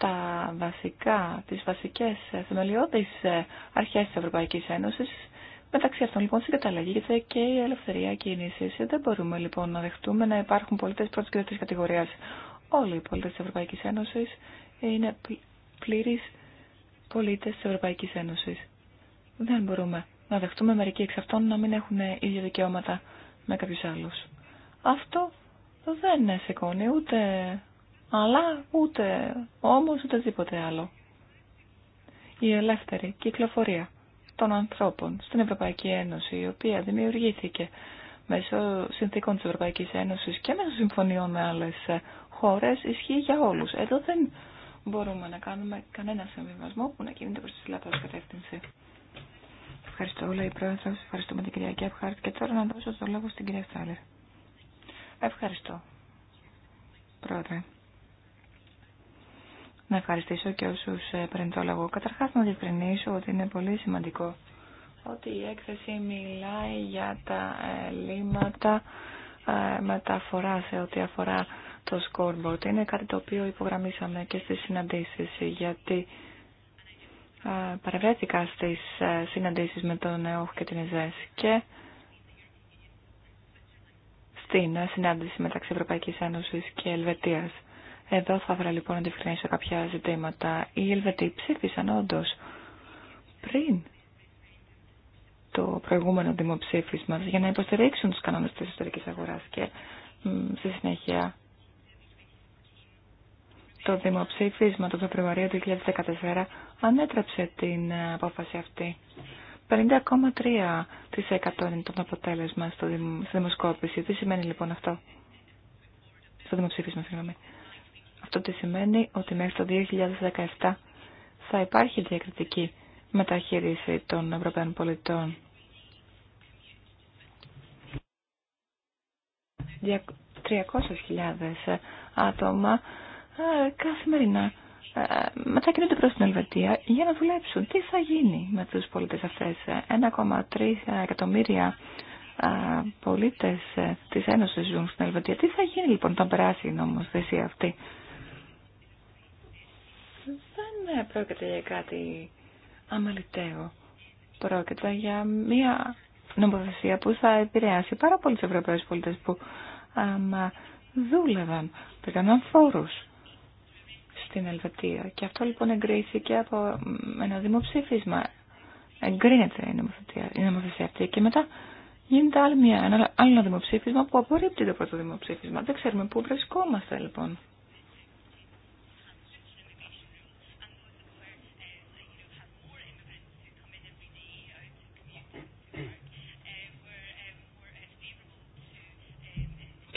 τα βασικά, τις βασικές θεμελιώδεις αρχές της Ευρωπαϊκής Ένωσης. Μεταξύ αυτών λοιπόν συγκαταλέγεται και η ελευθερία κίνησης. Δεν μπορούμε λοιπόν να δεχτούμε να υπάρχουν πολίτες πρώτης και δεύτερης κατηγορίας. Όλοι οι πολίτες της Ευρωπαϊκής Ένωσης είναι πλήρεις πολίτες της Ευρωπαϊκής Ένωσης. Δεν μπορούμε να δεχτούμε μερικοί εξ αυτών να μην έχουν ίδια δικαιώματα με κάποιους άλλους. Αυτό δεν σηκώνει ούτε αλλά ούτε όμως ούτε τίποτε άλλο. Η ελεύθερη κυκλοφορία των ανθρώπων στην Ευρωπαϊκή Ένωση, η οποία δημιουργήθηκε μέσω συνθήκων της Ευρωπαϊκής Ένωσης και μέσω συμφωνιών με άλλες χώρες, ισχύει για όλους. Εδώ δεν μπορούμε να κάνουμε κανένα συμβιβασμό που να κινείται προς τη λάθος κατεύθυνση. Ευχαριστώ όλα η πρόεδρος, ευχαριστούμε την κυρία Κέφχαρτ και τώρα να δώσω το λόγο στην κυρία Στάλερ. Ευχαριστώ. Πρόεδρε να ευχαριστήσω και όσου ε, πριν το λόγο. Καταρχά να διευκρινίσω ότι είναι πολύ σημαντικό ότι η έκθεση μιλάει για τα ε, λύματα ε, μεταφορά σε ό,τι αφορά το scoreboard. Είναι κάτι το οποίο υπογραμμίσαμε και στις συναντήσεις γιατί παρευρέθηκα στις συναντήσεις με τον ΕΟΧ και την ΕΖΕΣ και στην συνάντηση μεταξύ Ευρωπαϊκής Ένωσης και Ελβετίας. Εδώ θα ήθελα λοιπόν να διευκρινίσω κάποια ζητήματα. Οι Ελβετοί ψήφισαν όντω πριν το προηγούμενο δημοψήφισμα για να υποστηρίξουν τους κανόνες της ιστορικής αγοράς και στη συνέχεια το δημοψήφισμα το Φεβρουαρίο του 2014 ανέτρεψε την ε, απόφαση αυτή. 50,3% είναι το αποτέλεσμα στο στη δημοσκόπηση. Τι σημαίνει λοιπόν αυτό στο δημοψήφισμα, συγγνώμη. Αυτό τι σημαίνει ότι μέχρι το 2017 θα υπάρχει διακριτική μεταχείριση των Ευρωπαίων πολιτών. 300.000 άτομα ε, καθημερινά ε, μετακινούνται προς την Ελβετία για να δουλέψουν. Τι θα γίνει με τους πολίτες αυτές. 1,3 ε, εκατομμύρια πολίτες της Ένωσης ζουν στην Ελβετία. Τι θα γίνει λοιπόν όταν περάσει η νομοθεσία αυτή δεν ε, πρόκειται για κάτι αμαλυτέο. Πρόκειται για μια νομοθεσία που θα επηρεάσει πάρα πολλούς Ευρωπαίους πολίτες που αμα, δούλευαν, πήγαν φόρους στην Ελβετία. Και αυτό λοιπόν εγκρίθηκε από ένα δημοψήφισμα. Εγκρίνεται η νομοθεσία, η νομοθεσία αυτή και μετά γίνεται άλλο ένα άλλο δημοψήφισμα που απορρίπτει το πρώτο δημοψήφισμα. Δεν ξέρουμε πού βρισκόμαστε λοιπόν.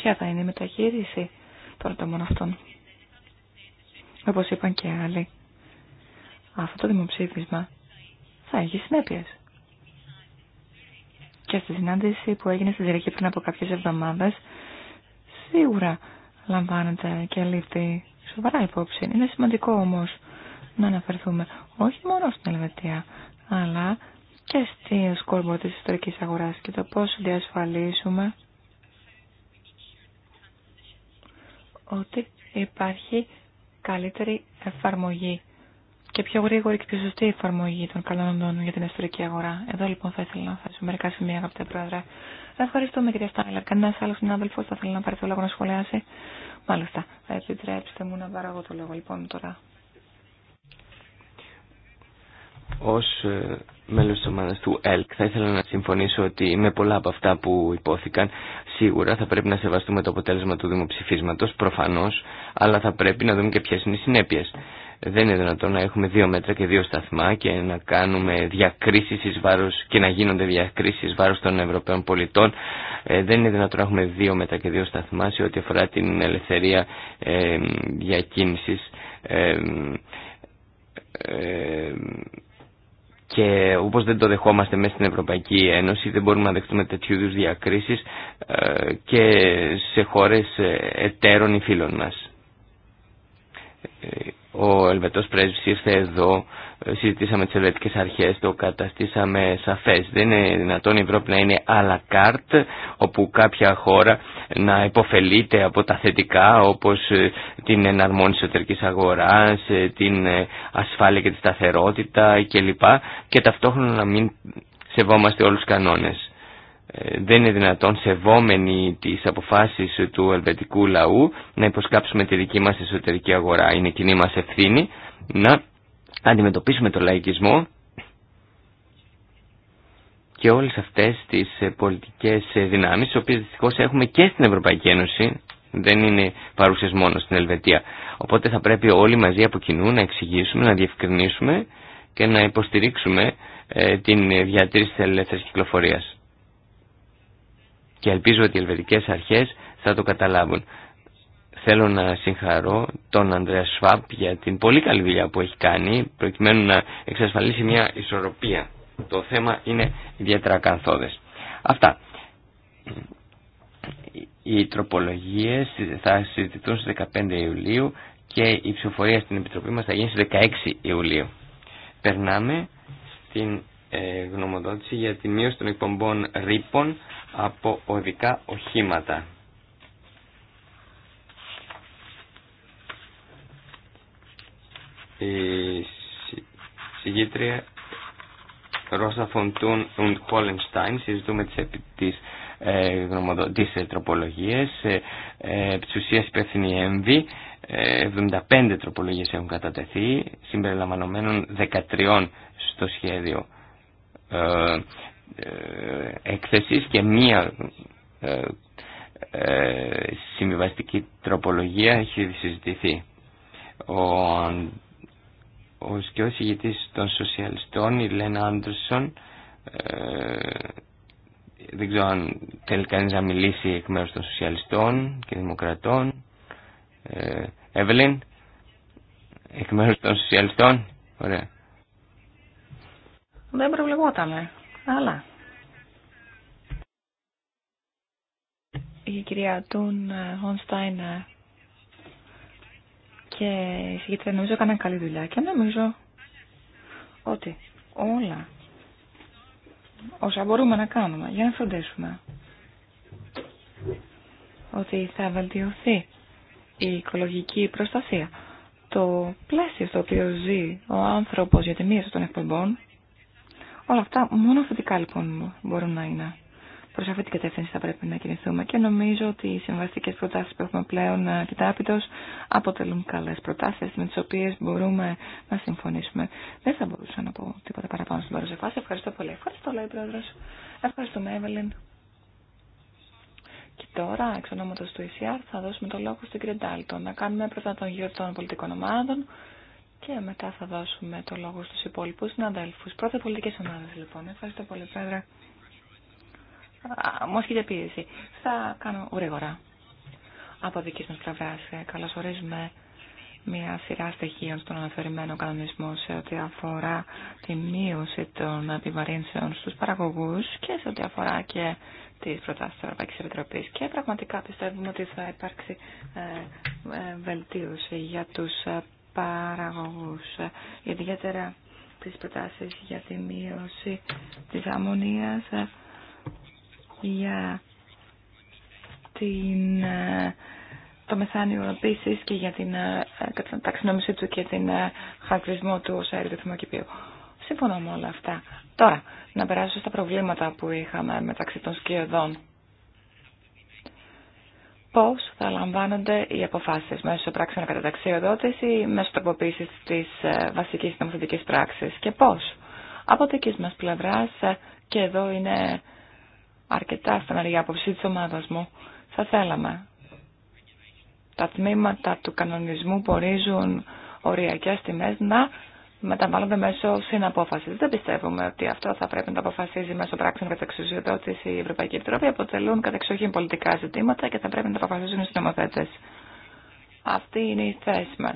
Ποια θα είναι η μεταχείριση των ατόμων αυτών. Όπως είπαν και άλλοι, αυτό το δημοψήφισμα θα έχει συνέπειε. Και στη συνάντηση που έγινε στη Ζηρική πριν από κάποιες εβδομάδες, σίγουρα λαμβάνεται και λήφθη σοβαρά υπόψη. Είναι σημαντικό όμως να αναφερθούμε όχι μόνο στην Ελβετία, αλλά και στη σκόρμπο της ιστορική αγοράς και το πώ διασφαλίσουμε ότι υπάρχει καλύτερη εφαρμογή και πιο γρήγορη και πιο σωστή εφαρμογή των οντών για την εσωτερική αγορά. Εδώ λοιπόν θα ήθελα να θέσω μερικά σημεία, αγαπητέ Πρόεδρε. Ευχαριστούμε κυρία Στάιλερ. Κανένα άλλο συνάδελφο θα θέλει να πάρει το λόγο να σχολιάσει. Μάλιστα. Επιτρέψτε μου να πάρω εγώ το λόγο λοιπόν τώρα. Ως ε, μέλος της ομάδας του ΕΛΚ θα ήθελα να συμφωνήσω ότι με πολλά από αυτά που υπόθηκαν σίγουρα θα πρέπει να σεβαστούμε το αποτέλεσμα του δημοψηφίσματος προφανώς αλλά θα πρέπει να δούμε και ποιες είναι οι συνέπειες. Δεν είναι δυνατόν να έχουμε δύο μέτρα και δύο σταθμά και να κάνουμε διακρίσεις βάρος και να γίνονται διακρίσεις βάρος των Ευρωπαίων πολιτών. Ε, δεν είναι δυνατόν να έχουμε δύο μέτρα και δύο σταθμά σε ό,τι αφορά την ελευθερία ε, διακίνησης. Ε, ε, και όπως δεν το δεχόμαστε μέσα στην Ευρωπαϊκή Ένωση δεν μπορούμε να δεχτούμε τέτοιου είδου διακρίσεις ε, και σε χώρες ε, εταίρων ή φίλων μας. Ε, ο Ελβετός Πρέσβης ήρθε εδώ συζητήσαμε τις ελβετικέ αρχές, το καταστήσαμε σαφές. Δεν είναι δυνατόν η Ευρώπη να είναι à la carte, όπου κάποια χώρα να υποφελείται από τα θετικά, όπως ε, την εναρμόνιση εσωτερικής αγορά, ε, την ε, ασφάλεια και τη σταθερότητα κλπ. Και ταυτόχρονα να μην σεβόμαστε όλους τους κανόνες. Δεν είναι δυνατόν σεβόμενοι τις αποφάσεις του ελβετικού λαού να υποσκάψουμε τη δική μας εσωτερική αγορά. Είναι κοινή μας ευθύνη να να αντιμετωπίσουμε τον λαϊκισμό και όλες αυτές τις ε, πολιτικές ε, δυνάμεις, τις οποίες δυστυχώς έχουμε και στην Ευρωπαϊκή Ένωση, δεν είναι παρούσες μόνο στην Ελβετία. Οπότε θα πρέπει όλοι μαζί από κοινού να εξηγήσουμε, να διευκρινίσουμε και να υποστηρίξουμε ε, την διατήρηση της ελεύθερης κυκλοφορίας. Και ελπίζω ότι οι ελβετικές αρχές θα το καταλάβουν. Θέλω να συγχαρώ τον Ανδρέα Σφάπ για την πολύ καλή δουλειά που έχει κάνει προκειμένου να εξασφαλίσει μια ισορροπία. Το θέμα είναι ιδιαίτερα κανθόδες. Αυτά. Οι τροπολογίες θα συζητηθούν στις 15 Ιουλίου και η ψηφοφορία στην Επιτροπή μας θα γίνει στις 16 Ιουλίου. Περνάμε στην ε, γνωμοδότηση για τη μείωση των εκπομπών ρήπων από οδικά οχήματα. η συγγήτρια Ρώσα Φοντούν und Χόλενστάιν συζητούμε τις, τις, ε, γνωμοδο, τις ε, τροπολογίες ε, ε, της υπεύθυνη έμβη 75 ε, τροπολογίες έχουν κατατεθεί συμπεριλαμβανομένων 13 στο σχέδιο ε, ε και μία συμβιβαστική τροπολογία έχει συζητηθεί. Ο ο σκιός ηγητής των σοσιαλιστών, η Λένα Άντρουσον, ε, δεν ξέρω αν θέλει κανείς να μιλήσει εκ μέρους των σοσιαλιστών και δημοκρατών. Εύελιν, εκ μέρους των σοσιαλιστών, ωραία. Δεν προβλεπότανε, αλλά... Η κυρία Τούν ε, Χονστάιν ε, και οι συγκεκριμένοι νομίζω έκαναν καλή δουλειά και νομίζω ότι όλα όσα μπορούμε να κάνουμε για να φροντίσουμε ότι θα βελτιωθεί η οικολογική προστασία. Το πλαίσιο στο οποίο ζει ο άνθρωπος για τη μείωση των εκπομπών, όλα αυτά μόνο θετικά λοιπόν μπορούν να είναι. Προς αυτή την κατεύθυνση θα πρέπει να κινηθούμε και νομίζω ότι οι συμβαστικές προτάσεις που έχουμε πλέον ε, κοιτάπητο αποτελούν καλές προτάσεις με τις οποίες μπορούμε να συμφωνήσουμε. Δεν θα μπορούσα να πω τίποτα παραπάνω στην παρούσα φάση. Ευχαριστώ πολύ. Ευχαριστώ, λέει πρόεδρος. Ευχαριστούμε, Εύελιν. Και τώρα, εξ ονόματος του ECR, θα δώσουμε το λόγο στην Κρεντάλτο να κάνουμε πρώτα τον γύρο των πολιτικών ομάδων και μετά θα δώσουμε το λόγο στους υπόλοιπους συναδέλφους. Πρώτα πολιτικές ομάδες, λοιπόν. Ευχαριστώ πολύ, πρόεδρε μου για πίεση. Θα κάνω γρήγορα. Από δική μα πλευρά, ε, Καλωσορίζουμε μια σειρά στοιχείων στον αναφερειμένο κανονισμό σε ό,τι αφορά τη μείωση των επιβαρύνσεων στου παραγωγούς και σε ό,τι αφορά και τις προτάσεις τη Ευρωπαϊκή. Επιτροπή. Και πραγματικά πιστεύουμε ότι θα υπάρξει ε, ε, βελτίωση για τους παραγωγού. ιδιαίτερα τι προτάσει για τη μείωση της αμμονίας για την, ε, το μεθάνιο επίση και για ε, ε, την ταξινόμησή του και την χαρακτηρισμό του ως αέριο του θερμοκηπίου. Σύμφωνα με όλα αυτά. Τώρα, να περάσω στα προβλήματα που είχαμε μεταξύ των σκιωδών. Πώς θα λαμβάνονται οι αποφάσεις μέσω πράξεων κατά ταξιοδότηση ή μέσω τροποποίηση της βασικής νομοθετικής πράξης και πώς. Από δική μας πλευράς, και εδώ είναι αρκετά στεναρή άποψη της ομάδας μου. Θα θέλαμε. Τα τμήματα του κανονισμού που ορίζουν οριακές τιμές να μεταβάλλονται μέσω συναπόφαση. Δεν πιστεύουμε ότι αυτό θα πρέπει να το αποφασίζει μέσω πράξεων κατά εξουσιοδότηση η Ευρωπαϊκή Επιτροπή. Αποτελούν κατεξοχήν πολιτικά ζητήματα και θα πρέπει να τα αποφασίζουν οι συνομοθέτε. Αυτή είναι η θέση μα.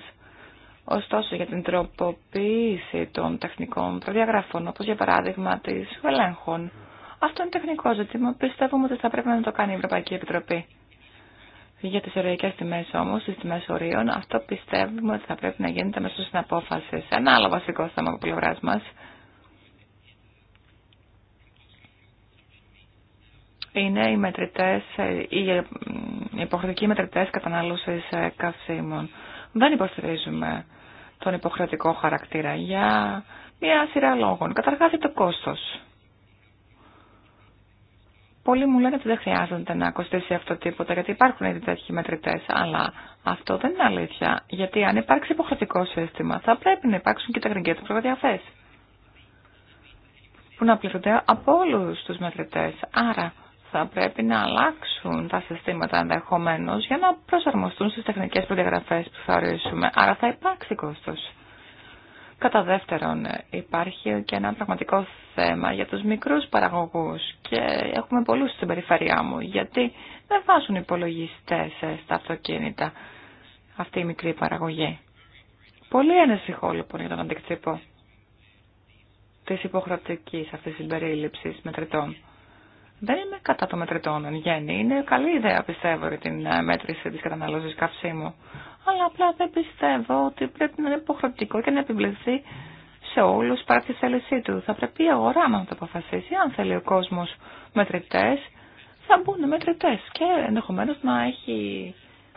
Ωστόσο, για την τροποποίηση των τεχνικών προδιαγραφών, όπω για παράδειγμα τη ελέγχων, αυτό είναι τεχνικό ζήτημα. Πιστεύουμε ότι θα πρέπει να το κάνει η Ευρωπαϊκή Επιτροπή. Για τι ωριακέ τιμέ όμω, τι τιμέ ορίων, αυτό πιστεύουμε ότι θα πρέπει να γίνεται μέσω στην απόφαση. Ένα άλλο βασικό θέμα από πλευρά μα είναι οι μετρητέ, ε, οι υποχρεωτικοί μετρητέ κατανάλωση ε, καυσίμων. Δεν υποστηρίζουμε τον υποχρεωτικό χαρακτήρα για μια σειρά λόγων. Καταρχάς το κόστος. Πολλοί μου λένε ότι δεν χρειάζεται να κοστίσει αυτό τίποτα, γιατί υπάρχουν ήδη τέτοιοι μετρητέ. Αλλά αυτό δεν είναι αλήθεια. Γιατί αν υπάρξει υποχρεωτικό σύστημα, θα πρέπει να υπάρξουν και τα του προδιαφέ. Που να πληρούνται από όλου του μετρητέ. Άρα θα πρέπει να αλλάξουν τα συστήματα ενδεχομένω για να προσαρμοστούν στι τεχνικέ προδιαγραφέ που θα ορίσουμε. Άρα θα υπάρξει κόστο. Κατά δεύτερον, υπάρχει και ένα πραγματικό θέμα για τους μικρούς παραγωγούς και έχουμε πολλούς στην περιφερειά μου, γιατί δεν βάζουν υπολογιστές ε, στα αυτοκίνητα αυτή η μικρή παραγωγή. Πολύ ανησυχώ λοιπόν για τον αντικτύπο της υποχρεωτικής αυτής της περίληψης μετρητών. Δεν είμαι κατά των μετρητών εν γέννη. Είναι καλή ιδέα πιστεύω για την ε, μέτρηση της καταναλώσης καυσίμου αλλά απλά δεν πιστεύω ότι πρέπει να είναι υποχρεωτικό και να επιβληθεί σε όλους παρά τη θέλησή του. Θα πρέπει η αγορά να το αποφασίσει. Αν θέλει ο κόσμος μετρητές, θα μπουν μετρητές και ενδεχομένως να έχει...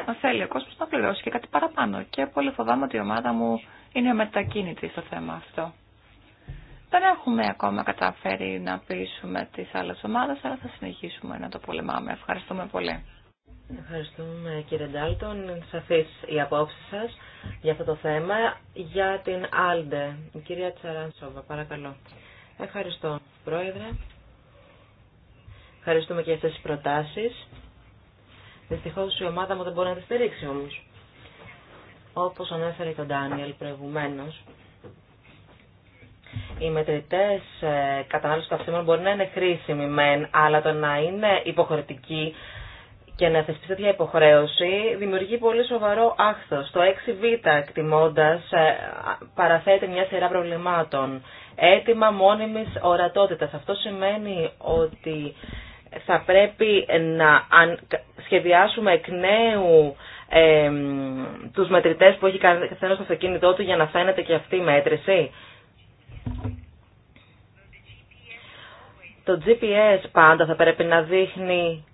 Να θέλει ο κόσμος να πληρώσει και κάτι παραπάνω. Και πολύ φοβάμαι ότι η ομάδα μου είναι μετακίνητη στο θέμα αυτό. Δεν έχουμε ακόμα καταφέρει να πείσουμε τις άλλες ομάδες, αλλά θα συνεχίσουμε να το πολεμάμε. Ευχαριστούμε πολύ. Ευχαριστούμε κύριε Ντάλτον. Σαφής η απόψη σας για αυτό το θέμα. Για την Άλντε, η κυρία Τσαράνσοβα, παρακαλώ. Ευχαριστώ, Πρόεδρε. Ευχαριστούμε και αυτές τις προτάσεις. Δυστυχώς η ομάδα μου δεν μπορεί να τη στηρίξει όμως. Όπως ανέφερε και ο Ντάνιελ προηγουμένως, οι μετρητέ ε, κατανάλωση καυσίμων μπορεί να είναι χρήσιμοι μεν, αλλά το να είναι υποχρεωτικοί και να θεσπιστεί τέτοια υποχρέωση δημιουργεί πολύ σοβαρό άχθος. Το 6β εκτιμώντα ε, παραθέτει μια σειρά προβλημάτων. Έτοιμα μόνιμης ορατότητα. Αυτό σημαίνει ότι θα πρέπει να σχεδιάσουμε εκ νέου ε, τους μετρητές που έχει καθένα στο αυτοκίνητό του για να φαίνεται και αυτή η μέτρηση. Το GPS πάντα θα πρέπει να δείχνει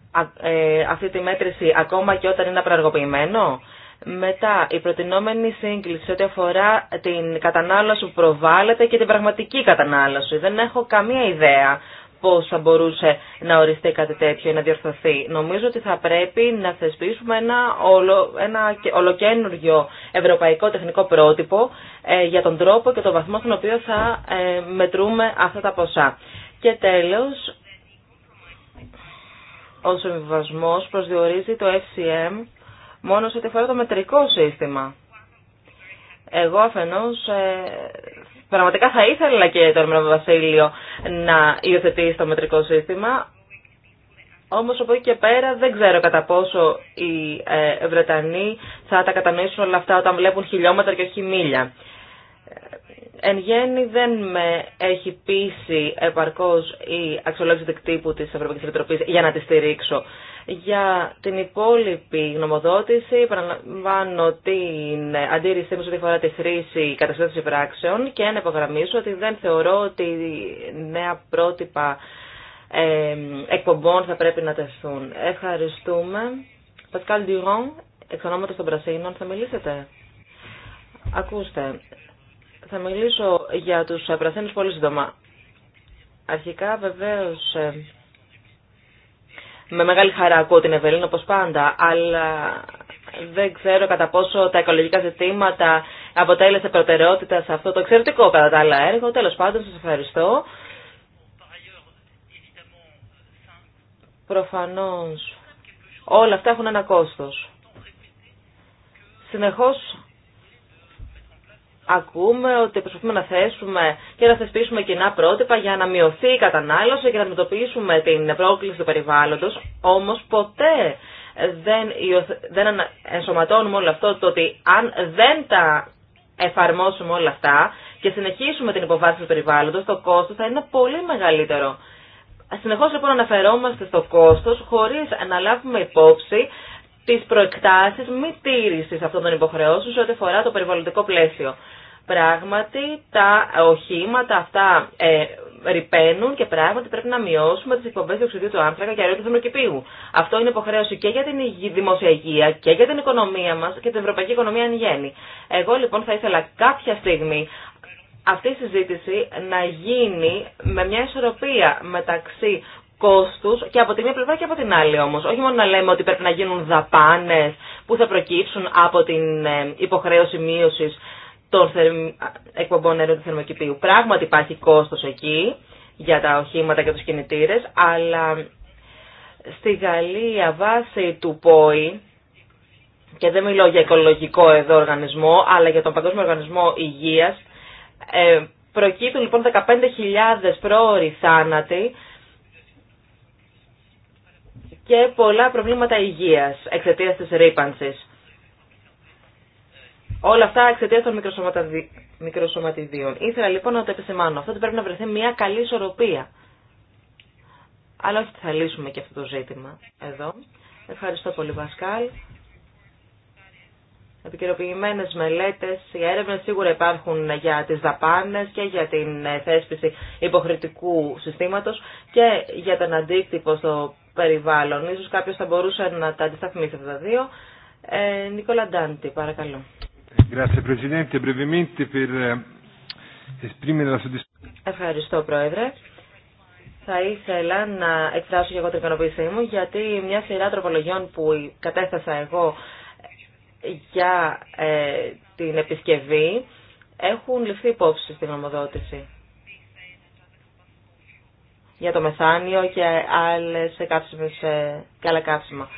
ε, αυτή τη μέτρηση ακόμα και όταν είναι απραργοποιημένο. Μετά, η προτινόμενη σύγκληση ό,τι αφορά την κατανάλωση που προβάλλεται και την πραγματική κατανάλωση. Δεν έχω καμία ιδέα πώς θα μπορούσε να οριστεί κάτι τέτοιο ή να διορθωθεί. Νομίζω ότι θα πρέπει να θεσπίσουμε ένα, ολο, ένα ολοκένουργιο ευρωπαϊκό τεχνικό πρότυπο ε, για τον τρόπο και τον βαθμό στον οποίο θα ε, μετρούμε αυτά τα ποσά. Και τέλος, ο συμβιβασμός προσδιορίζει το FCM μόνο σε ό,τι αφορά το μετρικό σύστημα. Εγώ αφενός ε, πραγματικά θα ήθελα και το Ερμηνό Βασίλειο να υιοθετήσει το μετρικό σύστημα, όμως από εκεί και πέρα δεν ξέρω κατά πόσο οι ε, Βρετανοί θα τα κατανοήσουν όλα αυτά όταν βλέπουν χιλιόμετρα και όχι μίλια εν γέννη δεν με έχει πείσει επαρκώ η αξιολόγηση δικτύπου τη Ευρωπαϊκή Επιτροπή για να τη στηρίξω. Για την υπόλοιπη γνωμοδότηση, παραλαμβάνω την αντίρρησή μου σε ό,τι αφορά τη χρήση καταστάσεων πράξεων και να υπογραμμίσω ότι δεν θεωρώ ότι νέα πρότυπα εκπομπών θα πρέπει να τεθούν. Ευχαριστούμε. Πασκάλ Ντιουρόν, εξ ονόματος των Πρασίνων, θα μιλήσετε. Ακούστε, θα μιλήσω για τους πρασίνους πολύ σύντομα. Αρχικά βεβαίως ε, με μεγάλη χαρά ακούω την Ευελίνα όπως πάντα, αλλά δεν ξέρω κατά πόσο τα οικολογικά ζητήματα αποτέλεσε προτεραιότητα σε αυτό το εξαιρετικό κατά τα άλλα έργο. Τέλος πάντων, σας ευχαριστώ. Προφανώς όλα αυτά έχουν ένα κόστος. Συνεχώς ακούμε ότι προσπαθούμε να θέσουμε και να θεσπίσουμε κοινά πρότυπα για να μειωθεί η κατανάλωση και να αντιμετωπίσουμε την πρόκληση του περιβάλλοντος, όμως ποτέ δεν, δεν ενσωματώνουμε όλο αυτό το ότι αν δεν τα εφαρμόσουμε όλα αυτά και συνεχίσουμε την υποβάθμιση του περιβάλλοντος, το κόστος θα είναι πολύ μεγαλύτερο. Συνεχώς λοιπόν αναφερόμαστε στο κόστος χωρίς να λάβουμε υπόψη τις προεκτάσεις μη τήρησης αυτών των υποχρεώσεων σε ό,τι αφορά το περιβαλλοντικό πλαίσιο. Πράγματι, τα οχήματα αυτά ε, ρηπαίνουν και πράγματι πρέπει να μειώσουμε τι εκπομπέ διοξιδίου του άνθρακα και αερίου του θερμοκηπίου. Αυτό είναι υποχρέωση και για την δημόσια υγεία και για την οικονομία μα και την ευρωπαϊκή οικονομία εν γέννη. Εγώ λοιπόν θα ήθελα κάποια στιγμή αυτή η συζήτηση να γίνει με μια ισορροπία μεταξύ κόστους και από τη μία πλευρά και από την άλλη όμως. Όχι μόνο να λέμε ότι πρέπει να γίνουν δαπάνες που θα προκύψουν από την ε, υποχρέωση μείωσης των εκπομπών αερίων του θερμοκηπίου. Πράγματι υπάρχει κόστος εκεί για τα οχήματα και τους κινητήρες, αλλά στη Γαλλία βάση του ΠΟΗ, και δεν μιλώ για οικολογικό εδώ οργανισμό, αλλά για τον Παγκόσμιο Οργανισμό Υγείας, ε, προκύπτουν λοιπόν 15.000 πρόοροι θάνατοι και πολλά προβλήματα υγείας εξαιτίας της ρήπανσης. Όλα αυτά εξαιτία των μικροσωματιδίων. Ήθελα λοιπόν να το επισημάνω αυτό ότι πρέπει να βρεθεί μια καλή ισορροπία. Αλλά όχι θα λύσουμε και αυτό το ζήτημα εδώ. Ευχαριστώ πολύ Βασκάλ. Επικαιροποιημένε μελέτε, οι έρευνε σίγουρα υπάρχουν για τι δαπάνε και για την ε, θέσπιση υποχρεωτικού συστήματο και για τον αντίκτυπο στο περιβάλλον. σω κάποιο θα μπορούσε να τα αντισταθμίσει αυτά τα δύο. Ε, Νίκολα Ντάντι, παρακαλώ. Eh, Ευχαριστώ, Πρόεδρε. Θα ήθελα να εκφράσω και εγώ την ικανοποίησή μου, γιατί μια σειρά τροπολογιών που κατέθεσα εγώ για ε, την επισκευή έχουν ληφθεί υπόψη στην νομοδότηση. Για το μεθάνιο και άλλες ε, καλά και άλλα καύσιμα.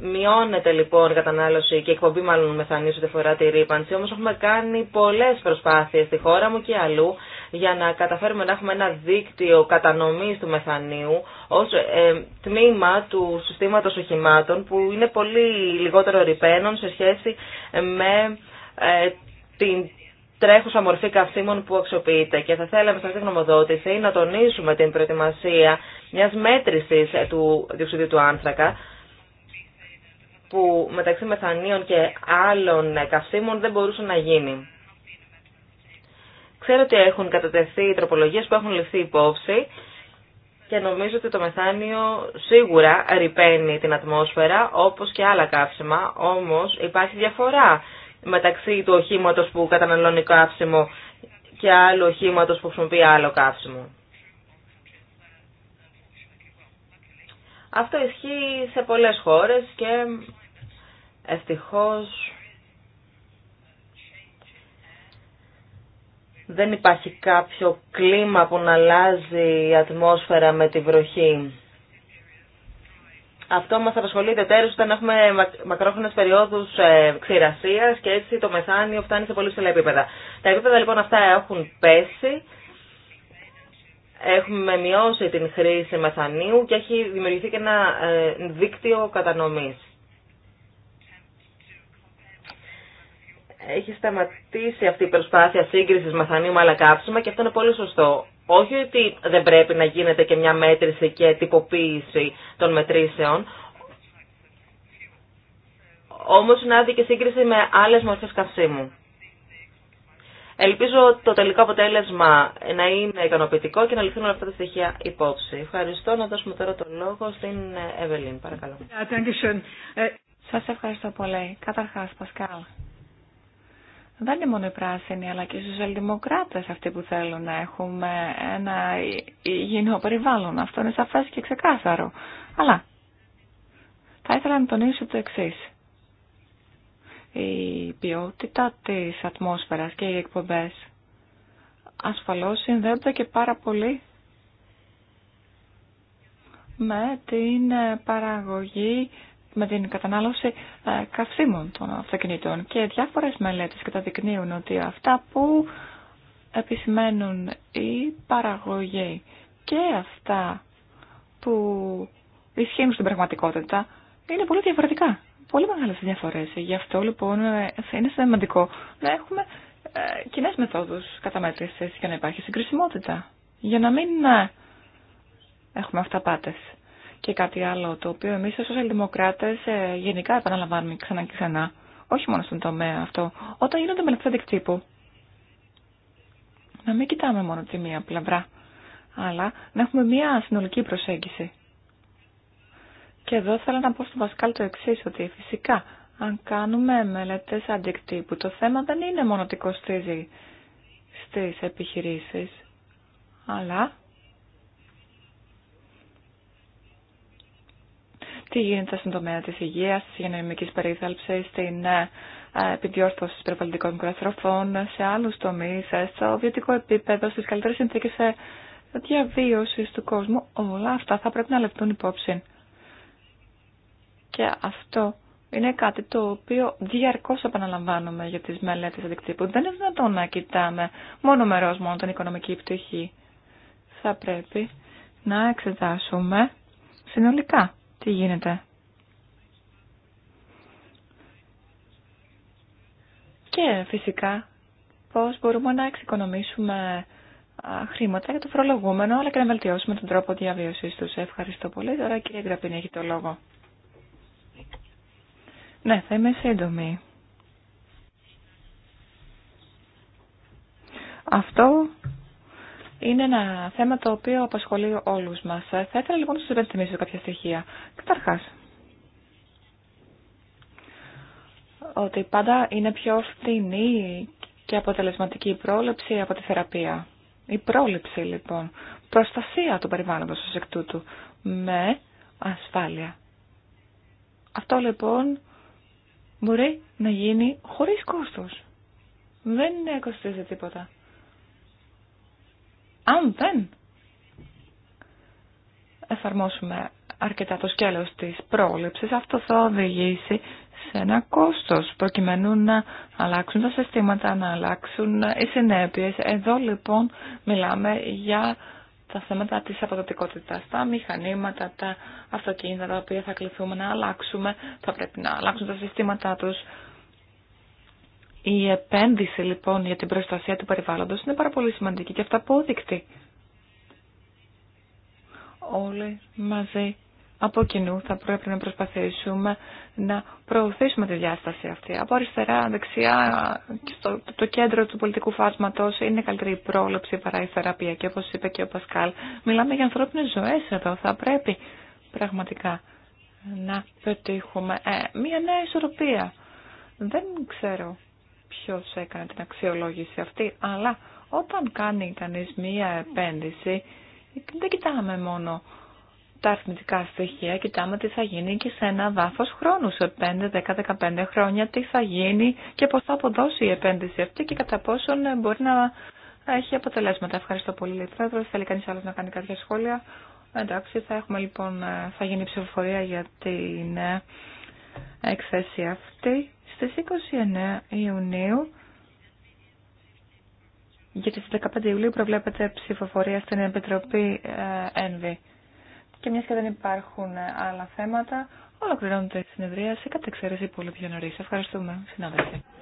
Μειώνεται λοιπόν η κατανάλωση και η εκπομπή μάλλον μεθανίου... ό,τι φορά τη ρήπανση, όμως έχουμε κάνει πολλές προσπάθειες στη χώρα μου και αλλού για να καταφέρουμε να έχουμε ένα δίκτυο κατανομής του μεθανίου ως ε, τμήμα του συστήματος οχημάτων που είναι πολύ λιγότερο ρηπαίνων σε σχέση με ε, την τρέχουσα μορφή καυσίμων που αξιοποιείται. Και θα θέλαμε σε αυτή τη γνωμοδότηση να τονίσουμε την προετοιμασία μιας μέτρησης ε, του διοξιδίου του άνθρακα που μεταξύ μεθανίων και άλλων καυσίμων δεν μπορούσε να γίνει. Ξέρω ότι έχουν κατατεθεί οι τροπολογίες που έχουν ληφθεί υπόψη και νομίζω ότι το μεθάνιο σίγουρα ρηπαίνει την ατμόσφαιρα όπως και άλλα καύσιμα, όμως υπάρχει διαφορά μεταξύ του οχήματος που καταναλώνει καύσιμο και άλλου οχήματος που χρησιμοποιεί άλλο καύσιμο. Αυτό ισχύει σε πολλές χώρες και Ευτυχώς δεν υπάρχει κάποιο κλίμα που να αλλάζει η ατμόσφαιρα με τη βροχή. Αυτό μας απασχολεί ιδιαίτερως όταν έχουμε μακρόχρονες περιόδους ε, ξηρασίας και έτσι το μεθάνιο φτάνει σε πολύ ψηλά επίπεδα. Τα επίπεδα λοιπόν αυτά έχουν πέσει. Έχουμε μειώσει την χρήση μεθανίου και έχει δημιουργηθεί και ένα ε, δίκτυο κατανομής. έχει σταματήσει αυτή η προσπάθεια σύγκρισης μαθανίου με άλλα κάψιμα και αυτό είναι πολύ σωστό. Όχι ότι δεν πρέπει να γίνεται και μια μέτρηση και τυποποίηση των μετρήσεων, όμως συνάδει και σύγκριση με άλλες μορφές καυσίμου. Ελπίζω το τελικό αποτέλεσμα να είναι ικανοποιητικό και να ληφθούν όλα αυτά τα στοιχεία υπόψη. Ευχαριστώ. Να δώσουμε τώρα τον λόγο στην Εβελίν. Παρακαλώ. Ε, Σας ευχαριστώ πολύ. Καταρχάς, Πασκάλ δεν είναι μόνο οι πράσινοι αλλά και οι σοσιαλδημοκράτε αυτοί που θέλουν να έχουμε ένα υγιεινό περιβάλλον. Αυτό είναι σαφές και ξεκάθαρο. Αλλά θα ήθελα να τονίσω το εξή. Η ποιότητα τη ατμόσφαιρας και οι εκπομπέ. Ασφαλώ, συνδέονται και πάρα πολύ με την παραγωγή με την κατανάλωση ε, καυσίμων των αυτοκινήτων και διάφορες μελέτες καταδεικνύουν ότι αυτά που επισημαίνουν οι παραγωγή και αυτά που ισχύουν στην πραγματικότητα είναι πολύ διαφορετικά. Πολύ μεγάλες διαφορές. Γι' αυτό λοιπόν είναι σημαντικό να έχουμε ε, κοινέ μεθόδους καταμέτρησης για να υπάρχει συγκρισιμότητα. Για να μην ε, έχουμε αυταπάτες. Και κάτι άλλο το οποίο εμείς ως σοσιαλδημοκράτες ε, γενικά επαναλαμβάνουμε ξανά και ξανά, όχι μόνο στον τομέα αυτό, όταν γίνονται μελετές τύπου. Να μην κοιτάμε μόνο τη μία πλευρά, αλλά να έχουμε μία συνολική προσέγγιση. Και εδώ θέλω να πω στον Πασκάλ το εξή, ότι φυσικά αν κάνουμε μελέτες αντικτύπου, το θέμα δεν είναι μόνο τι κοστίζει στις επιχειρήσεις, αλλά τι γίνεται στον τομέα της υγείας, της υγειονομικής περίθαλψης, στην ε, επιδιόρθωση των περιβαλλοντικών καταστροφών, σε άλλους τομείς, ε, στο βιωτικό επίπεδο, στις καλύτερες συνθήκες ε, διαβίωσης του κόσμου. Όλα αυτά θα πρέπει να λεπτούν υπόψη. Και αυτό είναι κάτι το οποίο διαρκώς επαναλαμβάνουμε για τις μελέτες αντικτύπου. Δεν είναι δυνατόν να κοιτάμε μόνο μερός μόνο την οικονομική πτυχή. Θα πρέπει να εξετάσουμε συνολικά τι γίνεται. Και φυσικά πώς μπορούμε να εξοικονομήσουμε χρήματα για το φορολογούμενο, αλλά και να βελτιώσουμε τον τρόπο διαβίωσης τους. Ευχαριστώ πολύ. Τώρα κύριε Γραπίνη έχει το λόγο. Ναι, θα είμαι σύντομη. Αυτό είναι ένα θέμα το οποίο απασχολεί όλους μας. Θα ήθελα λοιπόν να σας υπενθυμίσω κάποια στοιχεία. Καταρχάς, ότι πάντα είναι πιο φθηνή και αποτελεσματική η πρόληψη από τη θεραπεία. Η πρόληψη λοιπόν, προστασία του περιβάλλοντος ως εκ τούτου, με ασφάλεια. Αυτό λοιπόν μπορεί να γίνει χωρίς κόστος. Δεν κοστίζει τίποτα αν δεν εφαρμόσουμε αρκετά το σκέλος της πρόληψης, αυτό θα οδηγήσει σε ένα κόστος προκειμένου να αλλάξουν τα συστήματα, να αλλάξουν οι συνέπειες. Εδώ λοιπόν μιλάμε για τα θέματα της αποδοτικότητας, τα μηχανήματα, τα αυτοκίνητα τα οποία θα κληθούμε να αλλάξουμε, θα πρέπει να αλλάξουν τα συστήματά τους, η επένδυση λοιπόν για την προστασία του περιβάλλοντος είναι πάρα πολύ σημαντική και αυτά Όλοι μαζί από κοινού θα πρέπει να προσπαθήσουμε να προωθήσουμε τη διάσταση αυτή. Από αριστερά, δεξιά, στο το κέντρο του πολιτικού φάσματος είναι καλύτερη η πρόληψη παρά η θεραπεία και όπως είπε και ο Πασκάλ, μιλάμε για ανθρώπινες ζωές εδώ. Θα πρέπει πραγματικά να πετύχουμε ε, μια νέα ισορροπία. Δεν ξέρω ποιος έκανε την αξιολόγηση αυτή, αλλά όταν κάνει κανείς μία επένδυση, δεν κοιτάμε μόνο τα αριθμητικά στοιχεία, κοιτάμε τι θα γίνει και σε ένα βάθος χρόνου, σε 5, 10, 15 χρόνια, τι θα γίνει και πώς θα αποδώσει η επένδυση αυτή και κατά πόσον ε, μπορεί να έχει αποτελέσματα. Ευχαριστώ πολύ, Λίτρα. Θέλει κανείς άλλος να κάνει κάποια σχόλια. Εντάξει, θα έχουμε λοιπόν, ε, θα γίνει η ψηφοφορία για την ε, έκθεση αυτή στις 29 Ιουνίου για τις 15 Ιουλίου προβλέπεται ψηφοφορία στην Επιτροπή ε, ΕΝΒΗ. Και μιας και δεν υπάρχουν ε, άλλα θέματα, ολοκληρώνεται η συνεδρίαση κατά εξαίρεση πολύ πιο νωρίς. Ευχαριστούμε, συνάδελφοι.